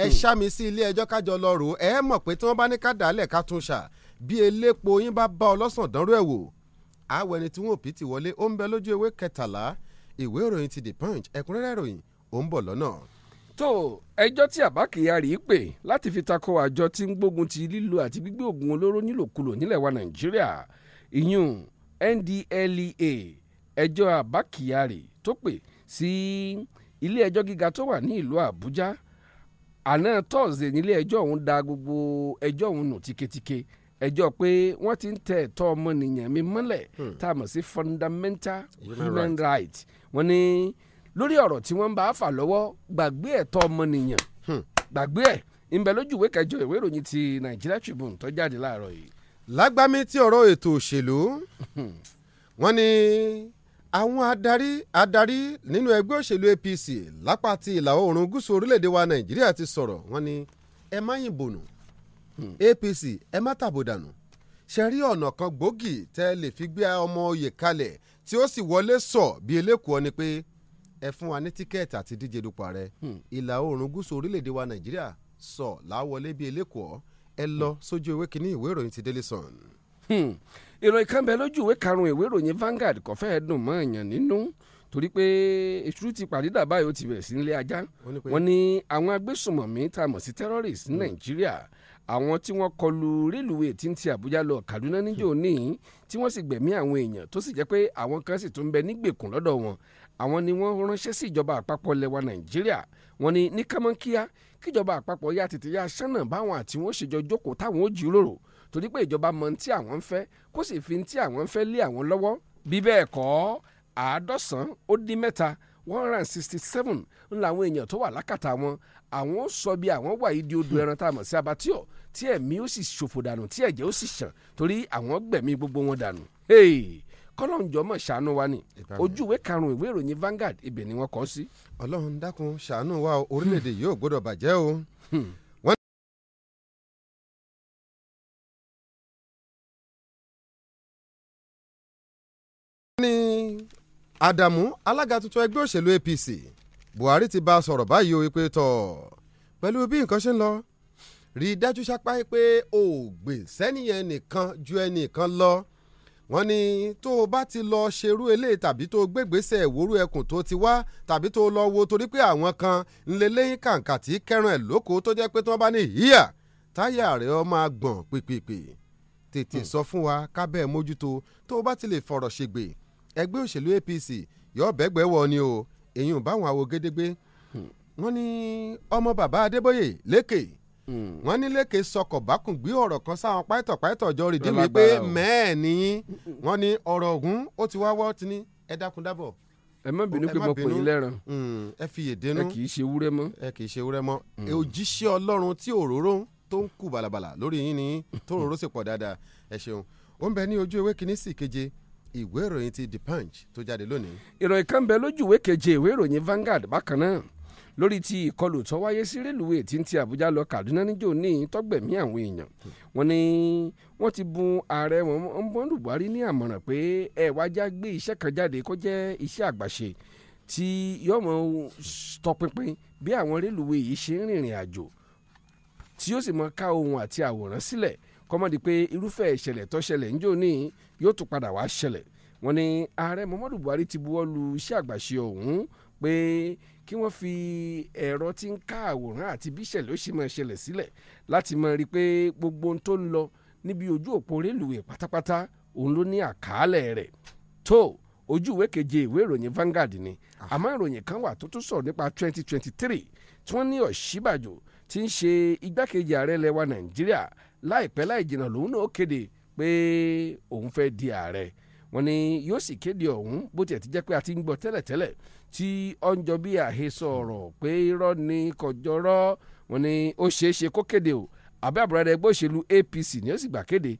ẹ hmm. ṣá mi sí ilé ẹjọ́ kájọ lọ rò ẹ mọ̀ pé tí wọ́n bá ní ká dàálẹ̀ ká tún ṣà bí elépo yín bá bá ọlọ́sàn dánrú ẹ̀ wò àwọ̀ ẹni tí wọ́n ò bí ti wọlé ó ń bẹ lójú ewé kẹtàlá ìwé ìròyìn ti the punch ẹ̀kúnrẹ́rẹ́ ìròyìn ó ń bọ̀ lọ́nà. tó ẹjọ́ tí Abba Kyari pè láti fi tako àjọ tí ń gbógun ti lílo àti gbígbé oògùn olóró nílòkulò nílẹ̀ wa Nàìjíríà ìyún NDLEA ẹjọ́ Abba Kyari tó pè sí ilé ẹjọ́ gíga tó wà ní ìlú Àbújá àná tọ́sídẹ̀ nílé ẹjọ́ ọ̀hún da gbogbo ẹjọ́ ọ̀hún nù tíketíke ẹjọ́ pé wọ́n ti ń tẹ ẹ̀tọ́ ọmọnìyàn mi mọ́lẹ̀ hmm. tá a mọ̀ sí fundamental human right wọ́n ní lórí ọ̀rọ̀ tí wọ́n ń bá a fà lọ́wọ́ gbàgbé ẹ̀tọ́ ọmọnìyàn hmm. gbàgbé ẹ̀ ń bẹ lójú ìwé kẹjọ ìwé ìròyìn ti Nigeria Tribune tó jáde láàárọ̀ yìí. lágbámi tí ọ̀rọ̀ ètò òṣèlú hmm. wọ́n ní àwọn adarí adarí nínú ẹgbẹ́ òṣèlú APC lápá ti ìlà oòrùn gúúsù orílẹ̀-èdè wa Nàìjíríà ti sọ̀rọ̀ wọ́n ní ẹ má yìnbọn nù hmm. APC ẹ má tàbòdànù ṣe rí ọ̀nà kan gbòógì tẹ́ lè fi gbé ọmọ oyè kalẹ̀ tí ó sì wọlé sọ bí elékùọ́ ni pé ẹ fún wa ní tíkẹ́ẹ̀tì àti díje dupò ààrẹ hmm. ìlà oòrùn gúúsù orílẹ̀-èdè wa Nàìjíríà sọ láwọlé bí elékùọ́ ẹ lọ hmm. sójú ewé kínní ìwé ìròyìn ti Daily Sun ìròyìn kan bẹ lójú ìwé karùn-ún ìwé ìròyìn Vanguard kò fẹ́ dùn mọ́ èèyàn nínú torí pé ètùtù ti pàdídà báyìí ó ti bẹ̀rẹ̀ sí nílé ajá wọ́n ní àwọn agbésùmọ̀mí tá mọ̀ sí terrorist ní Nàìjíríà àwọn tí wọ́n kọlu rélùwé tí Àbújá lọ Kaduna níjó ní tí wọ́n sì gbẹ̀mí àwọn èèyàn tó sì jẹ́ pé àwọn kan sì tún bẹ nígbèkùn lọ́dọ̀ wọn àwọn ni wọ́n ránṣẹ́ sí ìjọba àpapọ̀ lẹwa Nàìjíríà wọ́n ní ní kámọ́kíá kíjọba àpapọ̀ yá tètè yá sánà báwọn àti ṣèjọ jókòó táwọn ó jíròrò torí pé ìjọba mọ tí àwọn ń fẹ́ kó sì fi tí àwọn ń fẹ́ lé àwọn lọ́wọ́ bí bẹ́ẹ̀ kọ́ àádọ́sán ó dín mẹ́ta one hundred and sixty seven ń làwọn èèyàn tó wà lákàtà wọn àwọn ó sọ bí àwọn wà yìí di odò ẹran tá a mọ̀ sí abatíọ̀ tí ẹ̀mí ó sì ṣòfò dànù tí ẹ̀jẹ̀ ó sì ṣàn torí àwọn gbẹ̀mí gbogbo wọn dànù. Hey! kọlọ́njọ́ mọ̀ ṣàánú wa ni ojú ìwé karùn-ún ìwé ìròyìn Vanguard ibẹ̀ ni wọ́n kọ́ sí. Ọlọ́run dákun ṣàánú wa orílẹ̀-èdè yìí ò gbọ́dọ̀ bàjẹ́ o hmm. ni Adamu alága tuntun ẹgbẹ́ òṣèlú APC Buhari ti bá a sọ̀rọ̀ báyìí o wípé tọ̀ pẹ̀lú bí nǹkan ṣe ń lọ rí i dájú sápá pé o gbè sẹ́niyẹn nìkan ju ẹnìkan lọ wọ́n ní tó o bá ti lọ ṣerú eléyìí tàbí tó o gbégbèsè ìwòrú ẹkùn tó ti wá tàbí tó o lọ wo torí pé àwọn kan ńlẹ́lẹ́yìn kàǹkà tí kẹran ẹ̀ lóko tó jẹ́ pé tí wọ́n bá ní híyà táyà rẹ̀ ọ máa gbọ̀n pìpìpì tètè hmm. sọ fún wa kábẹ́ mójútó tó o bá ti lè fọ̀rọ̀ ṣègbè ẹgbẹ́ òṣèlú APC yọ bẹ́gbẹ́ wọ ni o èyí ò báwọn àwo gédégbé hmm. wọ́n ní ọmọ bàbá Adébóyè lékè hmm. wọ́n ní lékè sọkọ̀ bákùn gbé ọ̀rọ̀ kan sáwọn pàìtọ̀ pàìtọ̀ jọ rìndí mi pé mẹ́ẹ̀ ni hmm, wọ́n ní ọ̀rọ̀ ọ̀hún ó ti wá wọ́ ti ní ẹ dákun dábọ̀ ẹ má bínú pé mo pè yín lẹ́ràn ẹ fi èdènú ẹ kì í ṣe wúrẹ́ mọ́ ẹ kì í ṣe wúrẹ́ mọ́ òjíṣẹ́ ọlọ́run tí òróró tó ń kù bàlàbàlà lórí yín ni tó òróró sì pọ̀ dáadáa ẹ ṣeun ó ń bẹ ní ojú ewé kínní sí keje ìwé ìròyìn ti the punch tó jáde lónìí. ìròyìn kan bẹ lójú ìwé keje ìwé ìròyìn Vanguard bákan náà lórí ti ìkọlù tó wáyé sí rélùwé tí ń ti àbújá lọ kaduna níjó ní tọgbẹ̀mí àwọn èèyàn wọ́n ní wọ́n ti bun ààrẹ wọn mọ́nú buhari ní àmọ̀ràn pé ẹ wájá gbé iṣẹ́ kan jáde kó jẹ́ iṣẹ́ àgbàṣe tí yóò mọ tọpinpin bí àwọn rélùwé yìí ṣe ń rìnrìn àjò tí yóò sì mọ ká ohun àti àwòrán sílẹ̀ si kọ́mọ́dé pé irúfẹ́ ìṣẹ̀lẹ̀ tó ṣẹlẹ̀ ń jò ní yóò tún padà wá ṣẹlẹ̀ wọ́n ní ààrẹ muhammadu buhari ti buwọ́ iṣẹ́ àgbàṣe ọ̀hún pé kí wọ́n fi ẹ̀rọ tí ń ká àwòrán àti bí ìṣẹ̀lẹ̀ ó ṣe máa ṣẹlẹ̀ sílẹ̀ láti máa rí i pé gbogbo ohun tó ń lọ níbi ojú òpó rélùwé pátápátá òun ló ní àkàálẹ̀ rẹ̀ tó ojú ìwé keje ìwé ìròyìn Vanguard ni ah. àmọ́ ìròyìn kan wà tó tún sọ̀rọ̀ nípa 2023 tí wọ́n ní ọ̀ṣíbàjò tí ń ṣe igbákejì ààrẹ lẹ́wà nàìjíríà láìpẹ́ láì jìnnà lòun náà kéde pé òun fẹ́ di ààrẹ wọ́n ní yóò sì kéde ọ̀hún bó tiẹ̀ ti jẹ́ pé a ti ń gbọ́ tẹ́lẹ̀tẹ́lẹ̀ tí ọ̀njọ́ bí àhesọ ọ̀rọ̀ pé irọ́ ni kọjọ́rọ́ wọ́n ní ó ṣeé ṣe kó kéde o abẹ́ àbúrẹ́dẹ́ ẹgbẹ́ òṣèlú APC ni ó sì gbà kéde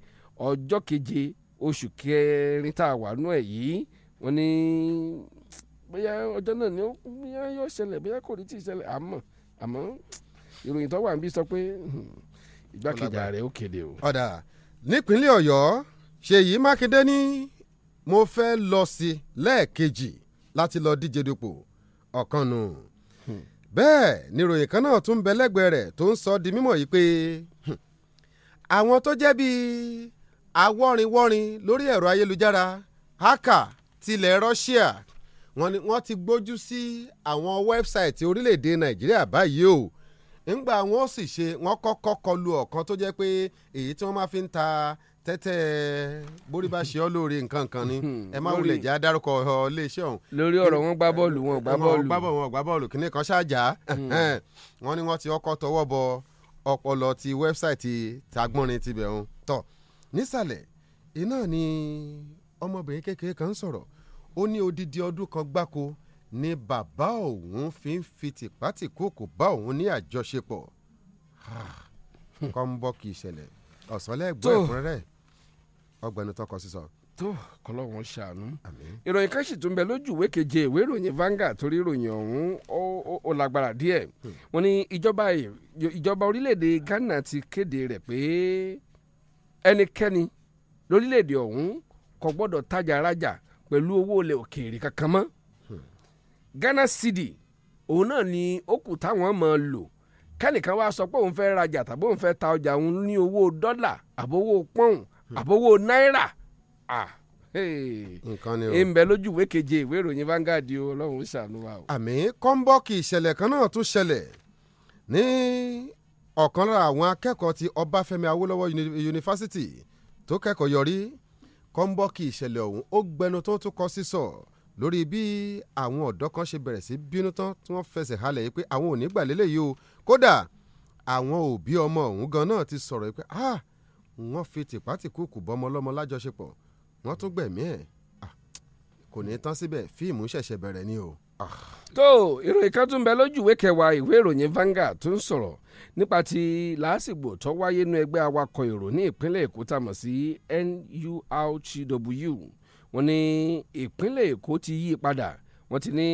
ọjọ́ keje oṣù kẹrin tá a wà nú ẹ̀ yìí wọ́n ní bóyá ọjọ́ náà ni ó bóyá yóò ṣẹlẹ̀ bóyá kò ní tí ì ṣẹlẹ̀ àmọ́ àmọ́ ìròyìn tó wà ń bí sọ pé hmm, igbákejì ààrẹ ó kéde o. ọ̀dà nípínlẹ̀ ọ̀yọ́ ṣèyí mákindé ní mo fẹ́ lọ sí lẹ́ẹ̀kejì láti lọ díje dupò ọ̀kan nù. Hmm. bẹ́ẹ̀ níròyìn kan náà tún bẹ lẹ́gbẹ̀ẹ́ rẹ̀ tó ń sọ di mímọ̀ yìí pé hmm, àwọn tó jẹ́ bíi awọ́rinwọ́rin lórí ẹ̀rọ ayélujára haka tilẹ̀ Russia wọ́n ti gbójú sí àwọn wẹ́bsáìtì orílẹ̀-èdè Nàìjíríà báyìí o ńgbà wọn ó sì ṣe wọn kọ́kọ́ kọlu ọ̀kan tó jẹ́ pé èyí tí wọ́n máa fi ń ta tẹ́tẹ́ borí bá ṣe ọ́ lóore nǹkan kan ni ẹ má wulẹ̀ já dárúkọ iléeṣẹ́ ọ̀hún. lórí ọ̀rọ̀ wọn gbá bọ́ọ̀lù wọn gbá bọ́ọ̀lù. gbá bọ́ọ̀lù wọn gbá bọ́ọ̀lù kìnnì kan ṣáàjà wọn ni wọn ti ọkọ tọwọ́ bọ ọpọlọ ti wẹ́bsáìtì tagbọ́nrin tibẹ̀ ọ̀hún. tọ nísàlẹ̀ iná ni ọmọbìnrin kékeré kan sọ̀rọ̀ ó ní odidi ọdún kan gbáko ni bàbá òun fi ń fi tìpátìkúùkù bá òun ní àjọṣepọ̀ kọ́ńbọ́ọ̀kì ìṣẹ̀lẹ̀ ọ̀sánlẹ́gbọ́ ẹ̀kúnrẹ́rẹ́ ọgbẹ́ni tọkọ sísọ tó kọlọ́wọ́n ṣàánú. ìròyìn kan sì tún bẹ lójú ìwé keje ìwé ìròyìn Vanguard torí ìròyìn ọ̀hún ó lágbára díẹ̀ hmm. wọ́n ní ìjọba ìjọba orílẹ̀-èdè Ghana ti kéde rẹ̀ pé ẹnikẹ́ni lórílẹ̀-èdè ọ̀hún kò gbọ́dọ̀ tajà rajà pẹ̀lú owó ilẹ̀ òkèèrè kankan mọ́ Ghana City, òun náà ni ó kù táwọn máa lò kẹ́nìkan wá sọ pé òun fẹ́ rajà tàbí òun fẹ́ ta ọjà òun ní owó dọ́là àbówó pọ́ùn hmm. àbówó náírà nǹkan ni o. ń bẹ lójú ìwé keje ìwé ìròyìn Vanguard o ọlọ́run ó ṣàánú wa o. àmì kọ́ńbọ́ọ̀kì ìṣẹ̀lẹ̀ kan náà tún ṣẹlẹ̀ ní ọ̀kan lára àwọn akẹ́kọ̀ọ́ ti Ọbáfẹ́mi Awólọ́wọ̀ yunifásitì tó kẹ́kọ̀ọ́ yọrí kọ́ńbọ́ọ̀kì ìṣẹ̀lẹ̀ ọ̀hún ó gbẹnu tó tún kọ sísọ lórí bí àwọn ọ̀dọ́ kan ṣe bẹ̀rẹ̀ sí bínú tán tí wọ́n fẹsẹ̀ halẹ̀ yìí pé àwọn ò ní gbà lélẹ́yìí o kódà àwọn òbí ọmọ ọ̀hún gan náà ti sọ̀rọ̀ yìí pé wọ́n fi tìpátìkúùkù bọ́mọ ọlọ́mọ lájọṣepọ̀ wọ́n tún gbẹ̀mí ẹ̀ kò ní tán síbẹ̀ fíìmù ṣẹ̀ṣẹ̀ bẹ̀rẹ̀ ni o. tó ìròyìn kan tún bẹ lójú ìwé kẹwàá ìwé ìròyìn Vanguard tó ń sọ̀rọ̀ nípa ti làásìgbò tó wáyé nú ẹgbẹ́ awakọ̀ èrò ní ìpínlẹ̀ Èkó tá a mọ̀ sí NURTW wọ́n ní ìpínlẹ̀ èkó ti yí padà wọ́n ti ní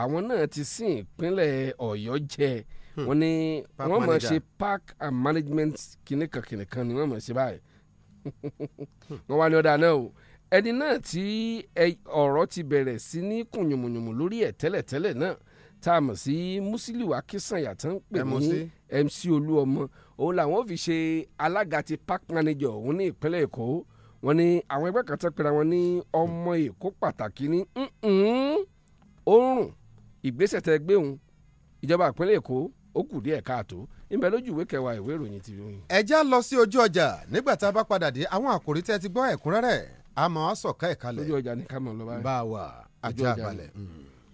àwọn náà ti sìn ìpínlẹ̀ ọ̀yọ́ jẹ hmm. wọ́n ní wọ́n máa ṣe park and management kìnìkan kìnìkan ni wọ́n máa ṣe báyìí hmm. wọ́n wá ní ọ̀dà náà o ẹni náà tí ọ̀rọ̀ ti bẹ̀rẹ̀ sí ní kùnyùmùnyùmù lórí ẹ̀ tẹ́lẹ̀tẹ́lẹ̀ náà tá a mọ̀ sí Musiliu Akínsànyà tó ń pè ní MC Olúọmọ òun làwọn fi ṣe alága ti park manager òun ní ìpínlẹ̀ Èkó wọ́n ní àwọn ẹgbẹ́ kan tẹ́ pera wọn ní ọmọ èkó pàtàkì ní oorun ìgbésẹ̀ tẹ́ gbé òun ìjọba ìpínlẹ̀ èkó ó kù díẹ̀ káàtó níbẹ̀ lójú ìwé kẹwàá ìwé ìròyìn ti ròyìn. ẹ lọ sí ojú ọjà nígbà tá a bá padà dé àwọn àkòrí tẹ́ ti gbọ́ ẹ̀kúnrẹ́rẹ́ a mọ̀ ọ́ sọ̀ká ojú ọjà ni ká mọ̀ bá a wà ajá balẹ̀. Mm.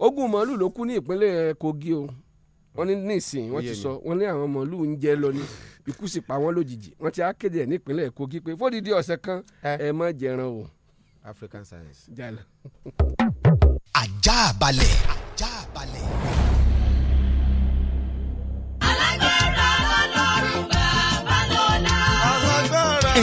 ogun màálù ló kú ní ìpínlẹ̀ kogi o wọ́n ní nísìnyí wọ́n ti sọ wọ́n ní àwọn mọ̀lúù ń jẹ lọ ní ikú sì pa wọ́n lójijì wọ́n ti á kéde ẹ̀ Kogi pé fódìdí ọ̀sẹ̀ kan ẹ má jẹran o. African science. jàlá. balẹ̀. ajá balẹ̀.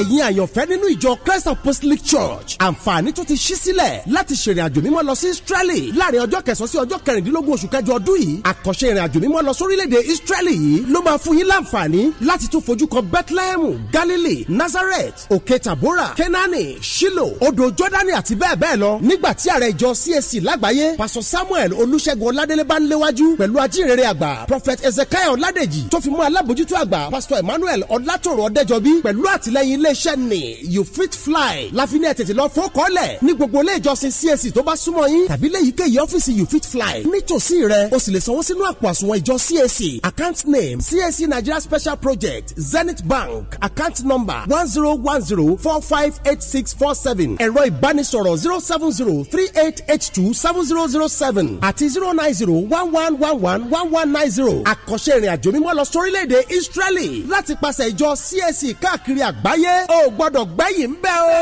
ẹ̀yin àyànfẹ́ nínú ìjọ Christ Apostolic Church àǹfààní tó ti ṣí sílẹ̀ láti ṣèrìn àjò mímọ́ lọ sí Israeli láàrin ọjọ́ kẹsàn-án sí ọjọ́ kẹrìndínlógún oṣù kẹjọ ọdún yìí àkànṣe ìrìn àjò mímọ́ lọ sórílẹ̀-èdè Israeli yìí ló máa fún yín láǹfààní láti tún fojú kan Bethlehem Galilee Nazareth Òkè Tabora Kenani Shilo odò Jordani àti bẹ́ẹ̀ bẹ́ẹ̀ lọ nígbà tí ààrẹ ìjọ CAC lágbàáyé Pastor Samuel Olúṣẹ́gun Ọládélé bá ń léwájú pẹ̀lú ajínrere àgbà Prophet Ezekiah Ọládèjì tó fi mú alábòjútó àgbà Pastor Emmanuel Ọlátòrò Ọdẹ́jọbí pẹ̀lú àtìlẹ́yìn iléeṣẹ́ ni you fit fly láfiní ẹ̀ tètè lọ fọ́kọ́lẹ̀ ní gbogbo ilé ìjọsìn CSC. tó bá súnmọ́ yín tàbí léyìíkéyìí ọ́fíìsì you fit fly nítòsí rẹ o sì lè sanwó sínú àpò àsùnwọ̀n ìjọ CAC account name CSC Nigeria Special Project Zenith Bank account number one zero one zero four five eight six four seven ẹ̀rọ ìbánisọ̀rọ̀ zero seven zero three eight eight two seven zero zero seven àti zero nine zero one one one one one one nine zero àkọsẹ́ ìrìnàjò mímọ́ lọ sórílẹ̀-èdè Israeli láti pàṣẹ ìjọ CAC káàkiri àgbáyé o gbọ́dọ̀ gbẹ́yìn bẹ́ẹ̀ o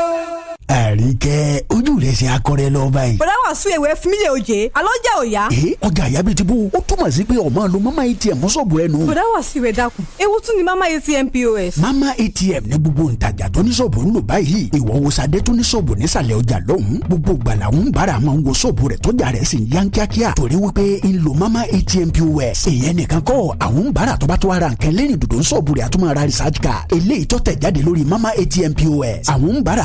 àríkẹ́ ojú rẹ̀ ṣe akọrẹ lọ báyìí. bọ̀dá wà sún ewé fún mi lè oje àlọ́ jà ò yá. ee ọjà àyà bíi ti bó túmọ̀ sí pé ọmọ lo mama atm mọ́sọ̀bù ẹnu. bọ̀dá wà sí ìwé dákun ewu tún ni mama atm pos. mama atm ní gbogbo ntajà tó ní sọ̀bù ń lò báyìí ìwọ wo sadé tó ní sọ̀bù nísàlẹ̀ ọjà lọ́hùn gbogbo gbala ń bára máa ń wo sọ̀bù rẹ̀ tọ́jà rẹ̀ sì ń yan kíákíá torí mama atm pos. èèyàn nìkan kọ́ àwọn ń bára tó bá tó ara nǹkan lẹ́yìn dòdò ń sọ̀bù rẹ̀ àtúmọ̀ ara mama atm pos. àwọn ń bára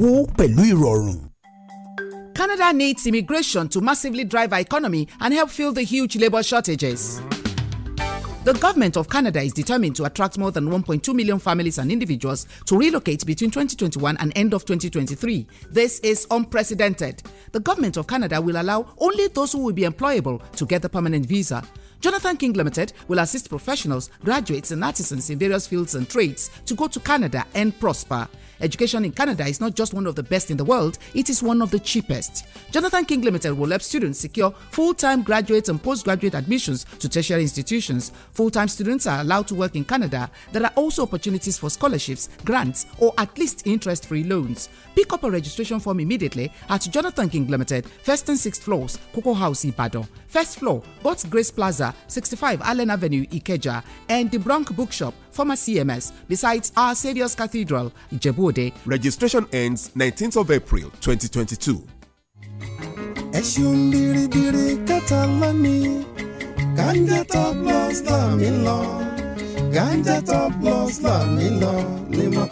owó pẹ̀lú ìrọ̀rùn. Canada needs immigration to massively drive our economy and help fill the huge labor shortages. The government of Canada is determined to attract more than 1.2 million families and individuals to relocate between 2021 and end of 2023. This is unprecedented. The government of Canada will allow only those who will be employable to get a permanent visa. Jonathan King Limited will assist professionals, graduates, and artisans in various fields and trades to go to Canada and prosper. Education in Canada is not just one of the best in the world, it is one of the cheapest. Jonathan King Limited will help students secure full time graduate and postgraduate admissions to tertiary institutions. Full time students are allowed to work in Canada. There are also opportunities for scholarships, grants, or at least interest free loans. Pick up a registration form immediately at Jonathan King Limited, first and sixth floors, Coco House, Ibadan. First floor, God's Grace Plaza, 65 Allen Avenue, Ikeja, and the Bronx Bookshop former CMS, besides Our Saviour's Cathedral, Jebode. Registration ends 19th of April 2022. ganja top loss là mí lọ ní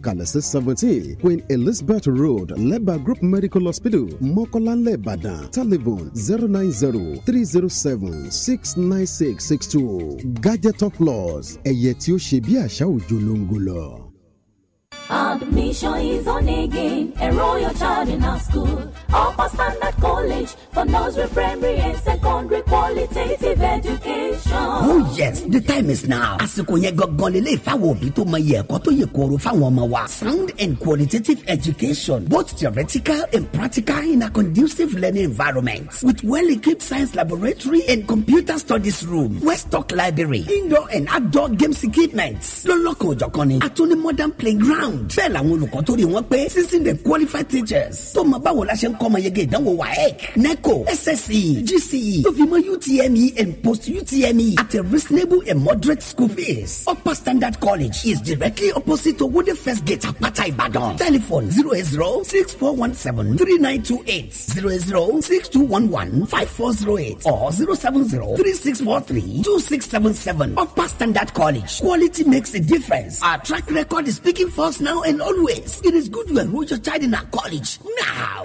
ìkàlẹ̀ sí seventeen Queen Elizabeth Road Leba Group Medical Hospital Mọ́kọ́lánlẹ̀ Ìbàdàn telephone zero nine zero three zero seven six nine six six two Gadget Plus ẹ̀yẹ tí ó ṣe bí àṣà òjò ló ń gò Admission is on again enroll your child in our school. Upper Standard College for nursery, primary, and secondary qualitative education. Oh yes, the time is now. Àsìkò yẹn gangan lélẹ̀ ìfáwọ̀ òbí tó yẹ kóró fáwọn ọmọ Sound and qualitative education, both theoretical and practical in a conducive learning environment with well-equipped science laboratory and computer studies room, Westock library, indoor and outdoor games equipment. Lọ́lọ́kan òjọ̀kan ni, àtúní modern playground. Bẹ́ẹ̀ làwọn olùkọ́ tó rí wọn pé season the qualified teachers tó mọ báwo Come get yege ìdánwò waec neco sse gce if you mọ́ utme and post utme at a reasonable and moderate school fees upper standard college is directly opposite to wode first gate apata ibadan telephone zero eight zero six four one seven three nine two eight zero eight zero six two one one five four zero eight or zero seven zero three six four three two six seven seven upper standard college quality makes a difference our track record is speaking for us now and always it is good you enroll your child in our college now.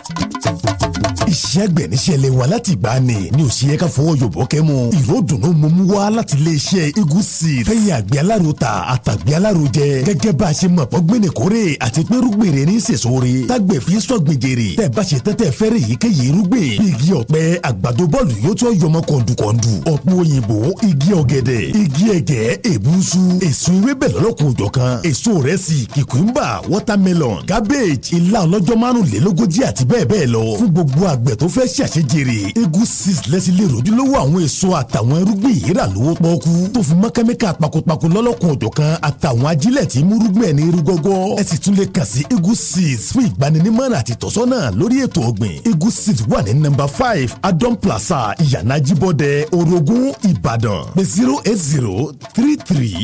iṣẹ́ àgbẹ̀ níṣẹ́ lè wà láti gbà ni ni òsì yẹ ká fọwọ́ yòbọ̀ kẹ́ mu ìró dùnú mo mú wá láti lè ṣe igun seed fẹ́yìn àgbẹ̀ aláró ta àtàgbẹ̀ aláró jẹ gẹ́gẹ́ bá a ṣe mọ̀ pọ́gbẹ́ni kórè àti pé rúgbèrè ní sèṣore tágbẹ̀ fi sọ́gbìn jèrè tẹ́ bá ṣe tẹ́tẹ́ fẹ́rẹ̀ yìí kéye irúgbìn bí igi ọ̀pẹ àgbàdo bọ́ọ̀lù yóò tó yọmọ kọ̀ǹdùkọ̀ǹdù ọ̀pọ̀ òyìnbó igi ọ̀gẹ̀dẹ̀ igi ẹ̀gẹ́ èbúsú èso ewébẹ̀ lọ́lọ́kùn òjọ̀kan èso rẹ̀ watermelon cabbage ilá ọlọ́jọ́ márùnlélógójì àti bẹ́ẹ̀ bẹ́ẹ̀ lọ fún àgbẹ̀ tó fẹ́ ṣàṣe jèrè egu six lẹ́sílẹ̀ rojúlówó àwọn èso àtàwọn irúgbìn yìí rà lówó pọ́ọ́kú tó fi mọ́ kẹ́míkà pakopako lọ́lọ́kun òjọ̀kan àtàwọn ajílẹ̀ tí mú rúgbìn ẹni irúgọ́gọ́ ẹ sì tún lè kàn sí egu six fún ìgbaninímọ̀ràn àti ìtọ́sọ́nà lórí ètò ọ̀gbìn egu six wà ní nọ́mbà five Adam plaza ìyànà jíbọ̀dẹ orogún ìbàdàn pé zero eight zero three three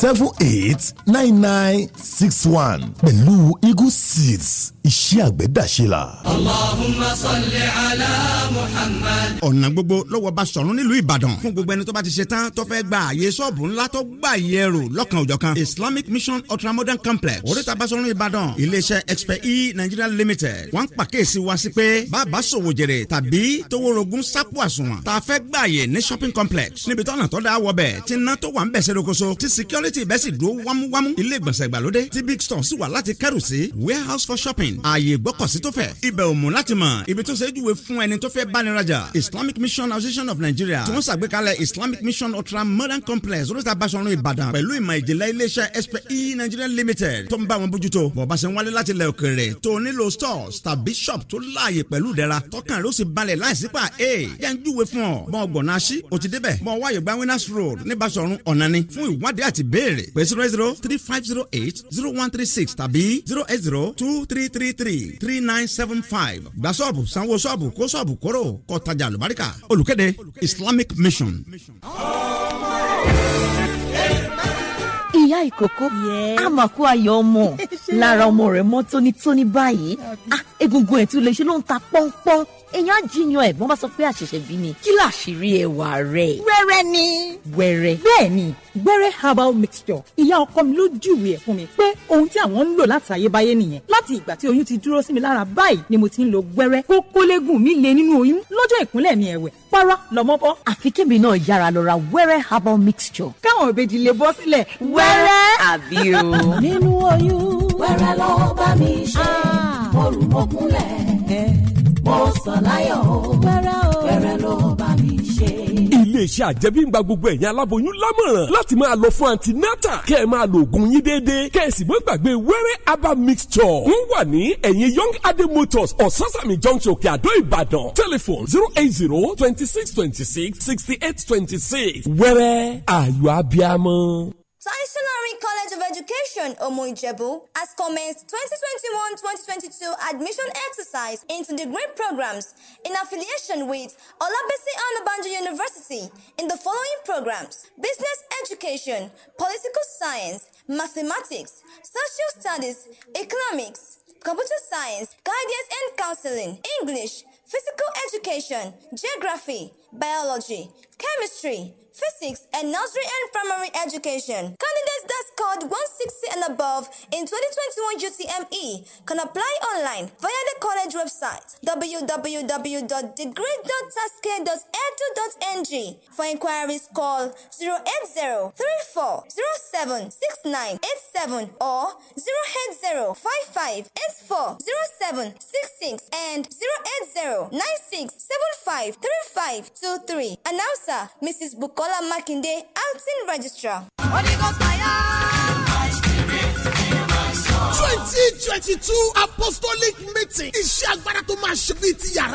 seven eight nine nine six one pẹ̀lú egu six iṣẹ́ àgbẹ̀ dàṣe la. Allahumma salli ọ̀nà gbogbo lọ́wọ́ bá sọ̀rọ̀ nílùú ìbàdàn fún gbogbo ẹni tó bá ti ṣe tán tó fẹ́ gba àyè sọ́ọ̀bù ńlá tó gbà yẹ rò lọ́kàn òjọ̀kan islamic mission ultramodern complex oríta basọ̀rọ̀ ìbàdàn iléeṣẹ́ expert e nigeria limited wọ́n ń pàkíyèsí wa sí pé bàbá sòwò jèrè tàbí toworogun sápò àsùnwọ̀n tá a fẹ́ gba àyè ní shopping complex níbi tọ́nà tó dáa wọ bẹ̀ tí ná tó wà ń bẹ̀ ṣerokoso tí security bẹ́ẹ̀ sì dúró wámúwámú ilé ìgbọ̀nsẹ̀ ìgbàlódé tí big store sì wà láti kẹ́rù sí warehouse for shopping àyè gbọ́kọ̀sí tó fẹ̀ ibẹ̀ òmù láti mọ̀ ibi tó ṣe ṣàpèjúwe fún ẹni tó fẹ́ báni rajà islamic mission association of nigeria tó ń ṣàgbékalẹ̀ islamic mission ultra modern complex olóòtú abáṣọrun ìbàdàn pẹ̀lú ìmọ̀ ìjìnlẹ̀ iléeṣẹ́ SPE nigeria limited tó ń bá wọn bójútó bọ̀bá ṣe ń wálé láti ilẹ̀ òkèèrè tó nílò stores tàbí Bishop. tó láàyè pẹ̀lú ìdẹ́ra tọkàn rẹ ó sì balẹ̀ láìsí pa e yẹn júwe fún ọ bọ́n ọgbọ̀nà aṣí o ti débẹ̀ bọ́n wáyé gba winners road ní Basọ̀run ọ̀nani fún ìwádìí àti béèrè pé zero zero three five zero eight zero one three six tàbí zero eight zero two three three three three nine seven five gbàsọ́ọ̀bù sanwó ṣọ́ọ̀bù kó ṣọ́ọ̀bù kóró kó tajà lùbáríkà olùkéde Islamic Mission. ìyá ìkókó àmàkù ayọ̀ ọmọ <laughs> lára ọmọ rẹ̀ mọ́ tónítóní báyìí ah, egungun ẹ̀ tún lè ṣe ló ń ta pọ́npọ́n èèyàn jiyan ẹ̀gbọ́n bá sọ pé àṣẹ̀ṣẹ̀ bí ni kí làṣírí ẹwà rẹ̀. wẹ́rẹ́ ni. wẹ́rẹ́. bẹ́ẹ̀ ni wẹ́rẹ́ herbal mixture ìyá ọkọ mi ló júwe ẹ̀ fún mi pé ohun tí àwọn ń lò láti ayébáyé nìyẹn láti ìgbà tí oyún ti dúró sí mi lára báyìí ni mo ti ń lo wẹ́rẹ́ kókólégùn mi lè nínú oyún lọ́jọ́ ìkúnlẹ̀ mi ẹ̀wẹ̀ para lọ́mọ bọ́. àfi kébì náà yára lọ ra wẹ́rẹ́ herbal mixture. káwọn òbejì lè bọ́ sílẹ̀ wẹ́rẹ́. àbí o. nínú oyún wẹ́rẹ́ lọ́ọ́ bá mi ṣe ah. mo rù mọ́kúnlẹ̀. Eh mo sọ láyọ̀ o pẹrẹ o pẹrẹ ló bá mi ṣe. iléeṣẹ́ àjẹmíngba gbogbo ẹ̀yin aláboyún lámọ̀ràn láti máa lọ fún antinata kẹ́ ẹ máa lo oògùn yín déédéé kẹ́ ẹ sì mọ́ gbàgbé wẹ́rẹ́ herbal mixture wọ́n wà ní ẹ̀yìn young adé motors ososami junction kíadó ìbàdàn telephone zero eight zero twenty six twenty six sixty eight twenty six wẹ́rẹ́ ayọ̀ abiamọ. Traditional College of Education, Omoijebu, has commenced 2021-2022 admission exercise into degree programs in affiliation with Olabisi Anabanjo University in the following programs, Business Education, Political Science, Mathematics, Social Studies, Economics, Computer Science, Guidance and Counseling, English, Physical Education, Geography, Biology, Chemistry, physics, and nursery and primary education. Candidates that scored 160 and above in 2021 UTME can apply online via the college website www.degree.taske.edu.ng. For inquiries, call 080-3407-6987 or 080-5584-0766 and 080-9675-3523. Announcer, Mrs. Bukola. Bọ́lá Mákindé acting registrar. Holy Ghost fire apostolic meeting iṣẹ́ agbára tó máa ṣe bíi ti yàrá